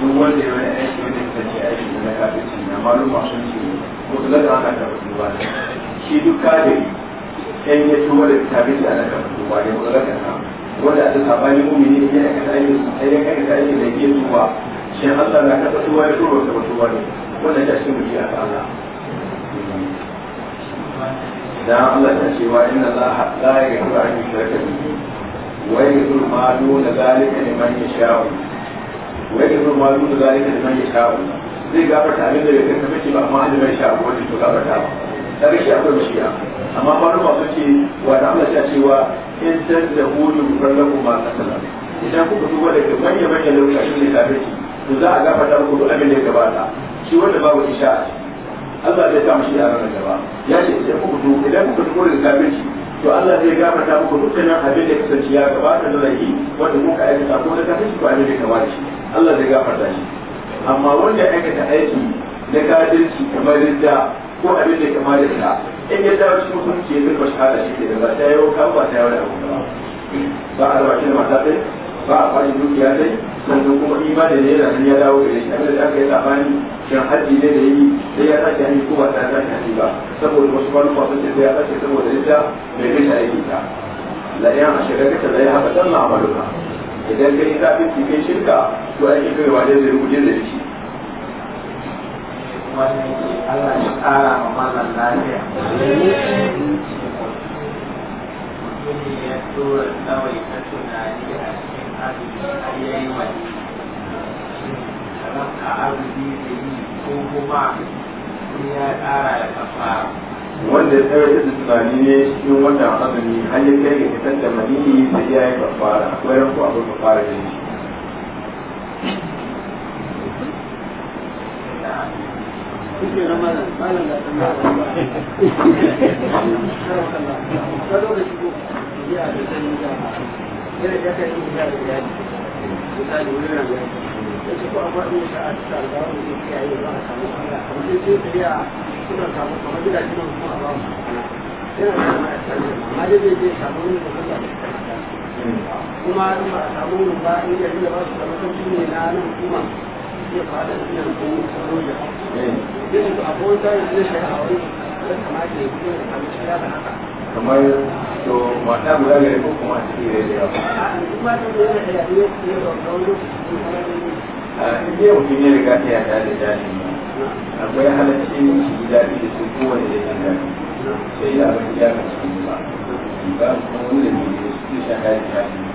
Speaker 1: duk wanda ya wani aiki wanda ya kasance aiki na kafin na malum masu ce ko mutu zaka ana karɓa tuba ne shi duk kafiri in ya tuba da kitabin da aka ba ya wanda ka wanda a sabani mu'mini ne ya aikata aikin su sai ya aikata aikin da yake tuba shi Allah na kasa tuba ya tuba da tuba ne wannan ta shi mutum a Allah dan Allah ta ce wa inna Allah la yaghfiru an yushraka wai wa yaghfiru ma duna zalika liman Wai wa yaghfiru ma duna zalika liman yasha'u zai gafarta abin da bai kai kace ba amma Allah bai sha'u wani to gafarta ba da gashi akwai mashiya amma faru masu ce wa da Allah ya cewa in san da hudu rallaku ma kasala idan kuka duba daga manyan manyan lokacin da kafirci to za a gafata muku duk abin da ya gabata shi wanda babu isha Allah zai ta mashi a ranar gaba ya ce idan kuka duba idan kuka duba daga kafirci to Allah zai gafarta muku dukkanin abin da ya kasance ya gabata da laifi wanda kuka aikata ko da kafirci ko abin da ya gabata Allah zai gafarta shi amma wanda ya aikata aiki na kafirci kamar da ko abin da ke ma da ta in ya dawo cikin hukunci ya zirka hada shi ke da ba ta yau kan ba ta yau da abu ba a alwashin mata ɗaya ba a fashin dukiya ɗaya sannan kuma da ne da ya dawo da shi abin da aka yi tsabani shan haji ne da yi sai ya sake hanyar ko ba ta sake hannu ba saboda wasu manufa sun ce sai ya sake saboda ita mai ya aiki ta la yan a shirka ta la ya haɓa ɗan ma'amaluka idan kai za ka fi kai shirka to ake kai wa ne zai rubuce da shi
Speaker 2: wannan ke Allah ya ƙara ma malam lafiya mutum ya tura tsawai ta tunani a cikin azumi har ya yi wani
Speaker 1: kamar a azumi da yi ko kuma ya ƙara da kafara wanda ya tsawai da tunani ne cikin wannan azumi har ya kai ga fitar da maniyi da ya yi kafara akwai ranko abin kafara da shi kuma ba a samu ba inda da ba su da mutum ne na hukuma kamar to mata guda gare ko kuma ciki da yawa
Speaker 2: a inda mutum ya riga ta yada
Speaker 1: da jani akwai halarci ne shi daɗi da su kowane da yan daɗi sai ya abin ya ga cikin ba ba kuma wanda ne da su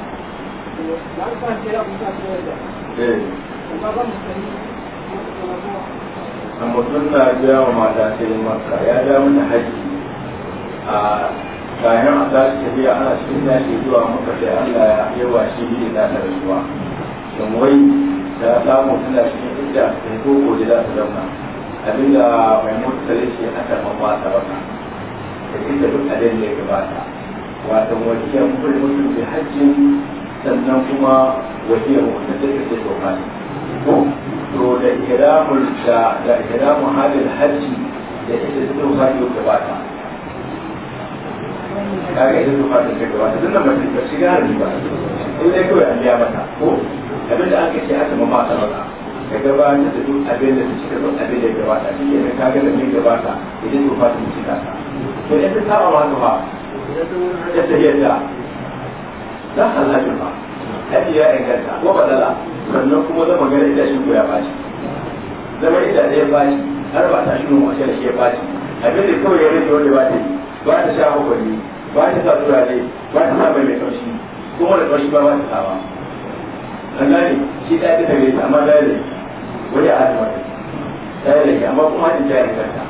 Speaker 1: Eh. a mutum na biya wa mata sai maka ya ja mana haji a kayan a tashi tafiya ana cikin dashi zuwa maka sai allah ya yawa shi ne na rasuwa shin wai da samu tana cikin inda sai ko da za ta zauna abinda mai mutane ce aka mamma ta baka da inda duk abin da ya gabata wato wajen kuma mutum da hajjin sannan kuma wajen muhtasatin da tsohani to da ihramul da da ihramul halin hajji da ita da tsohani da gabata kaga ita tsohani da gabata tun da mace ta shiga harbi ba in dai kawai an biya mata ko abin da aka ce aka mamma ta mata ka gabatar da duk abin da ta cika duk abin da ya gabata shi ne ka ga da mai gabata idan tsohani ta cika ta to yadda ta ba ma ta ba ta tafiya na halajin ba haɗi ya inganta ko badala sannan kuma zama gani da shi ko ya baci zama ita da ya baci har ba ta shi wace da shi ya baci abin da kawai ya rage wanda ba ta yi ba ta sha hukuri ba ta sa turare ba ta sa mai mai kaushi kuma da kaushi ba ba ta sa ba an gane shi ta ta daga ita amma da ya rage wani a hajji wani da ya rage amma kuma hajji ta ya inganta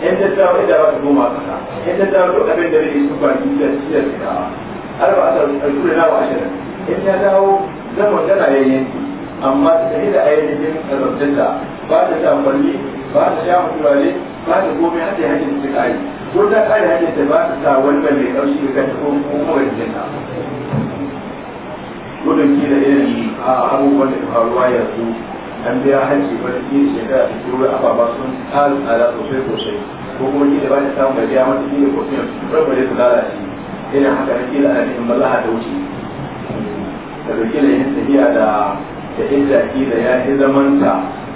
Speaker 1: in ta dawo inda ba ta goma kasa in ta dawo duk abin da bai yi sufa da shi ta arba a tsarku da nawa ashirin in ta dawo zaman tana yayyanki amma ta tafi da ayyukan tsarabtinta ba ta tamballi ba ta sha mutuwale ba ta komai hajji su ka yi ko ta kare hajji ta ba ta sa wani mai ƙarshi ga ta ko kuma wani gudun kila irin ah, abubuwan da faruwa yanzu an biya hanci ba da kiri shekara da kiro ababa sun halu ala sosai sosai ko kuma da ba ta samu gajiya mata kila ko kila rabu da su lalace ina haka na kila ana neman mallaha ta wuce da da kila yin tafiya da da inda kila ya yi zamanta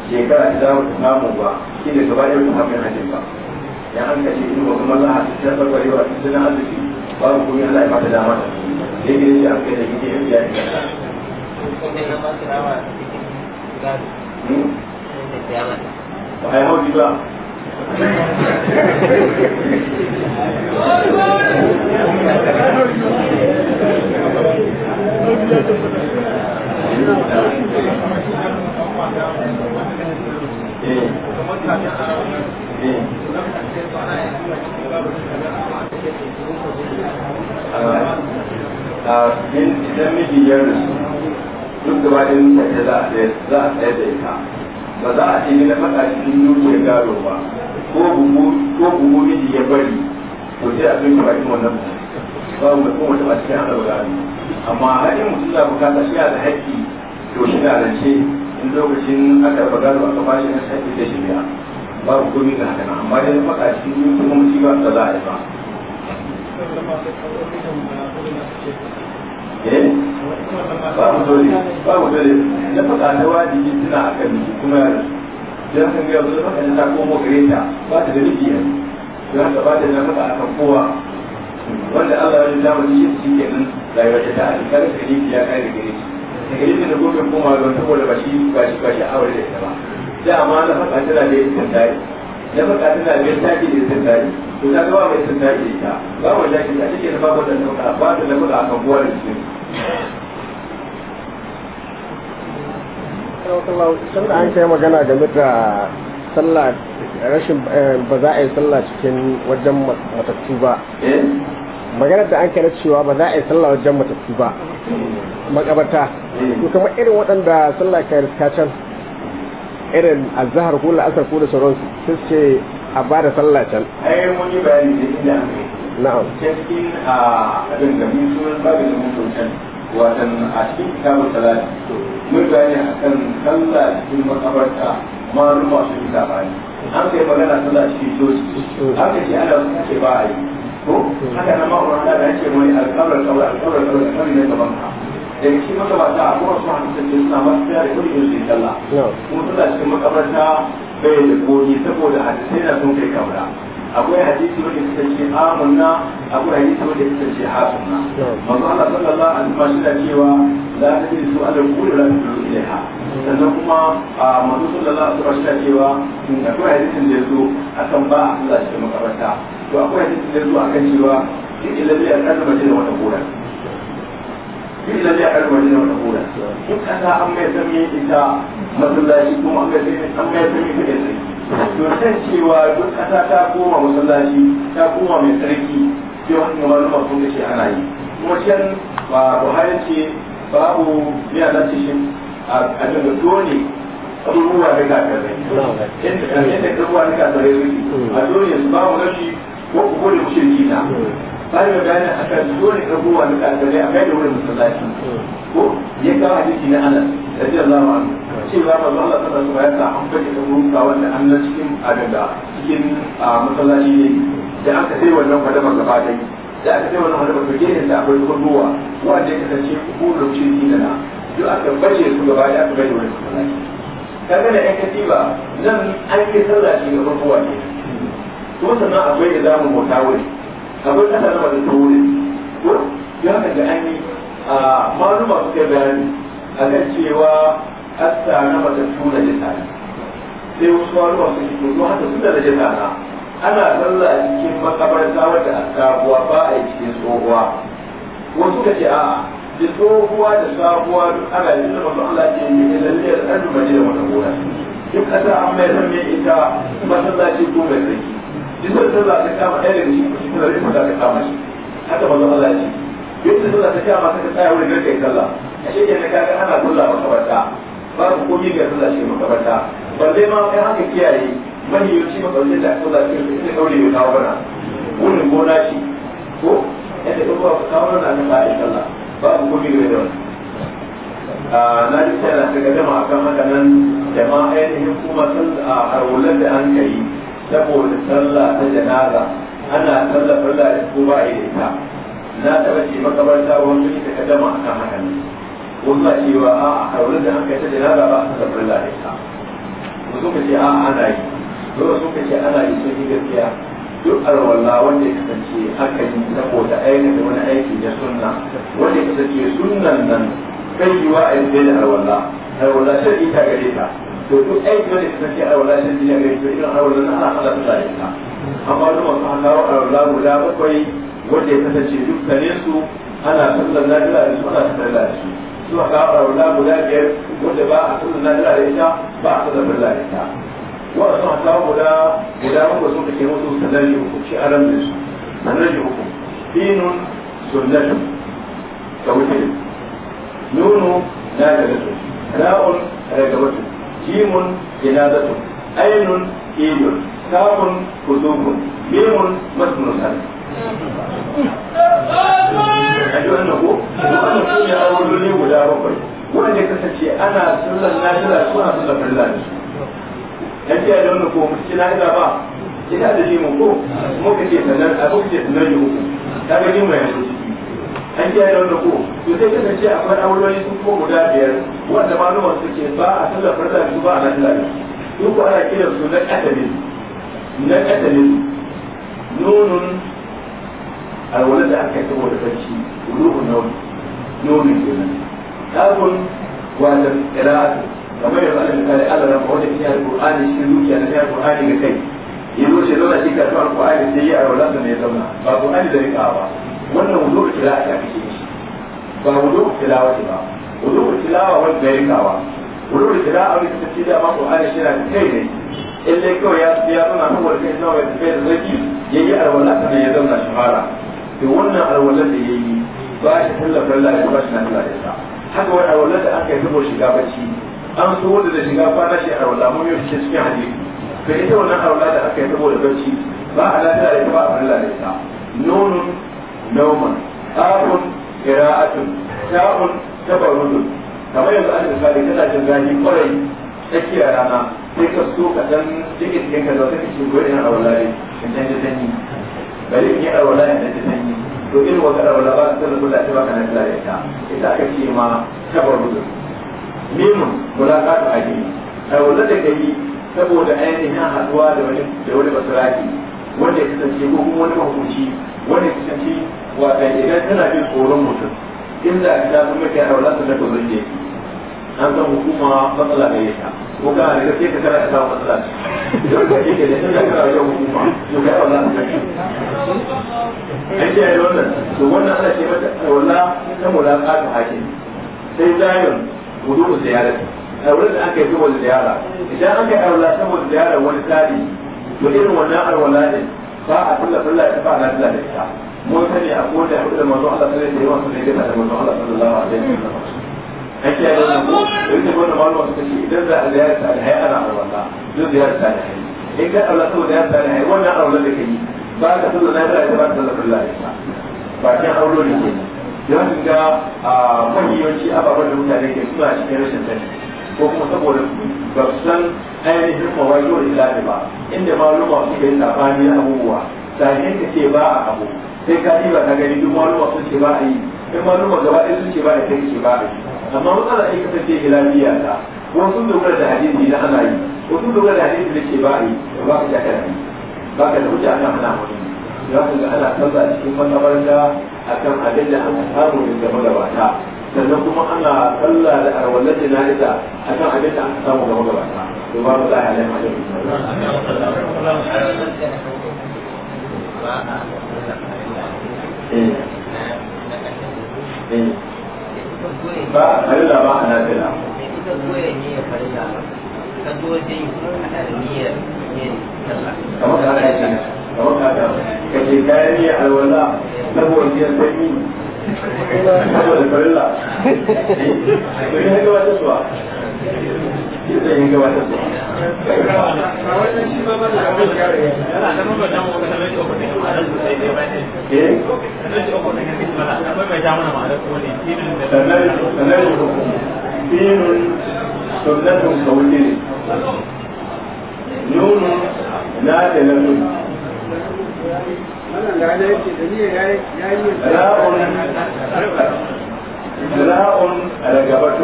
Speaker 1: shekara da za ta samu ba kila gaba ɗaya ta hakan hajjin ba ya an ina in ba kuma mallaha ta ta farfare wa ta tana arziki babu kuma Allah ya ba ta dama ta yake da shi a kai da gidi ya
Speaker 2: fiya ya gado ba a yi hauji ba idan
Speaker 1: miji ya rasu duk da bayan mace za a tsaye da ita ba za a ce na faɗa cikin dukiyar gado ba ko bugu miji ya bari ko sai a tsinka bakin wannan babu mai kuma wata cikin hana wurare amma haƙin mutum na bukata shi da haƙƙi to shi na rance in lokacin aka raba gado aka shi na haƙƙi da shi biya babu komi ga haka nan amma dai na faɗa cikin dukiyar kuma mutum ba za a yi ba.
Speaker 2: babu dole mu
Speaker 1: dole na faɗa na wajibi suna a kan miji kuma ya rasu idan kan gaya ta komo gare ta ba ta da miji yanzu don ta ba ta da faɗa akan kowa wanda Allah ya ta mutu yin shi kenan rayuwar ta ta alƙar da gari ya kai da gare shi da da gobe koma don saboda ba shi ba shi ba shi aure da ita ba da amma na faɗa tana da yin tantare da bukatu na biyar taki ne sun dari to ta gawa mai sun dari ita ba wa jaki da take da babu da dauka ba da da muka akan buwa da shi sun da an kai magana game da sallah rashin eh, ba za a yi sallah cikin wajen matattu ba eh? maganar da an kira cewa ba za a yi sallah wajen matattu ba makabarta eh. to kamar irin waɗanda sallah ka riska can irin azhar ko la'asar ko da sauransu sai ce a ba da sallah can ai mun yi bayani da inda na'am cikin a abin da mun sunan babin da mun can watan a cikin kitabul salati mun bayani akan sallah cikin makabarta ma ruwa shi da an kai magana sallah cikin coci haka ce ana ce ba a yi ko haka na ma'aurin da ake wani alƙawar kawai alƙawar kawai kan ne gaban ka daga cikin makamata a kuma su hannu sun suna masu fiya da kudi su yi sallah kuma suna cikin makabarta bai da koyi saboda hadisai na sun kai kamra akwai hadisi wanda suka ce amanna akwai hadisi wanda suka ce hasunna manzo Allah ah, sallallahu alaihi wasallam yana cewa la tajlisu hmm, ala kulli la tajlisu ilaiha sannan kuma a masu sallallahu alaihi wasallam yana cewa akwai hadisin da yazo akan ba a Allah cikin makabarta to akwai hadisin da yazo akan cewa duk ilabi a kan mace da wata kura shi da kan karɓar ne wata kula in kasa an mai sami ita masallaci kuma an mai sami ita da sai to san cewa duk kasa ta koma masallaci ta koma mai sarki sai wani gaba na mafi da shi ana yi kuma can ba buhari ce babu ya zace shi a daga dole abubuwa da gagarai yadda abubuwa da gagarai a dole su babu rashi ko kuma da mushirki na ba da gane akan dole ka buwa da kalbalai a kai da wurin masallaci ko ya kawo hadisi na anas radiyallahu anhu cewa ba Allah sallallahu alaihi wasallam ya sa an fadi da gunka wanda an na cikin adada cikin masallaci ne da aka sai wannan fadama gaba dai da aka sai wannan fadama to gehen da akwai ruwa wanda ya kasance ko da cikin dana duk aka bace su gaba da aka bai da wurin masallaci kaga da yan katiba nan an yi sallah shi gaban kowa ne kuma sannan akwai da zamu mota wuri kamar kasa na wani tori ya kaga an yi maluma ke bayani a kan cewa asta na matattu na jisa sai wasu maluma ke kuma haka suna da jisa na ana zalla a cikin makabarta wadda a sabuwa ba a yi cikin tsohuwa wasu ka ce a'a da tsohuwa da sabuwa duk ana yi da masu Allah ke yi da lalliyar ɗan da wata gona duk ƙasa an mai zan mai ita masallaci ko mai tsaki duk da za ka kama ɗaya daga cikin shi kuma rikin da ka kama shi haka manzo Allah ya ce yadda za ka kama ka tsaya wurin da yi sallah a shekin da kaga ana sallah makabarta babu komai ga sallah shi makabarta balle ma kai haka kiyaye mahiyoci makabarta da sallah shi ne kaure ya kawo bana wurin gona ko yadda ka ba ka kawo na nan ba a sallah babu komai ga da wannan ah, na ji sai na daga jama'a kan haka nan jama'a yadda hukuma sun a ah, harwulan da an kai saboda sallah ta janaza ana sallah farla da ko ba yi ta na taba ce makabarta wani ne ta dama akan haka ne wasu cewa a a kaurin da an kai ta janaza ba a sallah farla da ita wasu ka ce a ana yi dole suka ce ana yi sun yi gaskiya duk alwala wanda ya kasance haka yi saboda ainihin da wani aiki da sunna wanda ya kasance sunnan nan kai yiwa a yi da alwala alwala shari'a gare ta to duk aiki da ka sanke a wala ilan duniya gari to irin arwala na ana hada ta da ita amma wani masu haka wa arwala guda bakwai wanda ya kasance dukkanin su ana sallar lafiya da su ana sallar lafiya su haka arwala guda biyar wanda ba a sallar lafiya da ita ba a sallar lafiya da ita wanda sun haka guda guda bakwai sun kake musu sallar yi uku shi aran da su sallar yi hukum dinun sunnatu ka wuce nunu na da rasu ra'un ragabatu جيم جنازة ainun ilun كاف kutubun ميم masmun سن kaji wannan ko ko ya ne kasance ana sallan nafila ko suna sallan farilla ne da wannan ko mutum na ba ina da jimin ko muka ce sanar a muka ce yi hukun ta ga jimin ya an kiyaye da ko to sai ka ce akwai aurori sun ko guda biyar wanda malaman ke ba a tallafar da su ba a nan da su ko ana kiran su na kadalin na kadalin nunun alwala da aka yi saboda bacci ruhu nauyi nunun kenan tabun wanda qira'atu kamar yanzu ana misali Allah ran da kiyar alqur'ani shi zuciya na alqur'ani ga kai yanzu shi lokaci ka to alqur'ani sai ya alwala da ne zama ba alqur'ani da rikawa ba wannan wudu tilawa ya kace shi ba wudu tilawa ce ba wudu tilawa wanda ya rikawa wudu tilawa wanda ta ce da ma Qur'ani shi na kai ne in dai kawai ya ya nuna kan wanda ya zama ya tafi da zaki yi alwala ta ya zama zauna shahara to wannan alwalar da ya yi ba shi tallafa Allah ya ba shi na Allah ya sa haka wani alwalar da aka yi saboda shiga bacci an so wanda da shiga kwana shi alwala mun yi shi cikin hadisi to ita wannan alwala da aka yi saboda bacci ba a da ba a lafiya da ita nonun nauman ƙafun ƙira'atun sha'un tabarudun kamar yanzu an misali kana jin zafi kwarai tsakiyar rana sai ka so ka dan jikin ɗinka da wata kace goyi ina arwalare in dan ji sanyi bari in yi arwalare in dan ji sanyi to irin wata arwala ba ta sanin kula cewa kana kula da ita ita aka ce ma tabarudun mimun mulaqatu ajini arwala da kai saboda ainihin haɗuwa da wani da wanda ya kasance ko kuma wani mahukunci wani kasance wata idan tana jin tsoron mutum inda ta zama kai aure ta da gudun ne an san hukuma matsala ne ta ko ka ne sai ka kana ta matsala ce don ka yake da inda ka rayu hukuma to ka aure ta ai sai wannan to wannan ana ce mata aure ta mulaka ta hakimi sai zayon wudu ziyarar aure da aka yi saboda ziyara idan aka yi aure saboda ziyara wani tsari to irin wannan aure ne ba a sallah sallah ita ba a nafila da ita mun sani a kowace hudu da manzon Allah sallallahu alaihi wasallam da yawan da manzon Allah sallallahu alaihi wasallam ake da ku da yake wannan malama suka ce idan za a ziyara ta alhaya ana arwala duk ziyara ta alhaya in ka Allah saboda ya ta alhaya wannan arwala da kai ba ka sallah na fara ita ba sallah sallah ita ba kin auro ne ke don ga a mahiyoci ababen da mutane ke suna cikin rashin sani ko kuma saboda ba su san ainihin mawayo da ilahi ba inda maluma su yi sabani na abubuwa sahihin ka ce ba a abu sai ka ba ta gani duk maluma sun ce ba a yi in maluma gaba ɗaya sun ce ba a kai ce ba a yi amma matsala ai kasance ilahiya ta wasu dogara da hadisi na ana yi wasu dogara da hadisi da ce ba a yi ba ka shakar yi ba ka da hujja ana hana wani ya ka ga ana canza cikin a akan abin da an samu daga magabata sannan kuma ana kalla da arwallar jana'iza a kan abin da aka samu gaba gaba ta to ba mu lahi alayhi
Speaker 2: alayhi ba a farilla ba a nafila kamar da aka yi kamar
Speaker 1: da aka yi kaje kayan yi alwala saboda biyan sanyi
Speaker 2: سنة كونية نون نادلة جلاء
Speaker 1: جلاء رجبة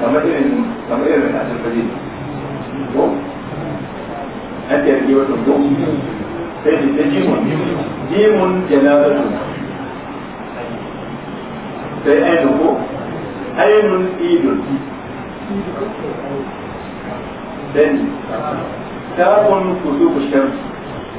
Speaker 1: كما إذن كما إذن من أهل الفجير أنت رجبة جيم جيم جلابة في أين هو أين إيد ثاني تاب كسوف الشمس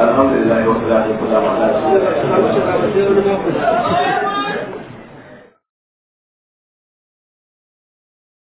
Speaker 2: الحمد لله والصلاة والسلام على رسول الله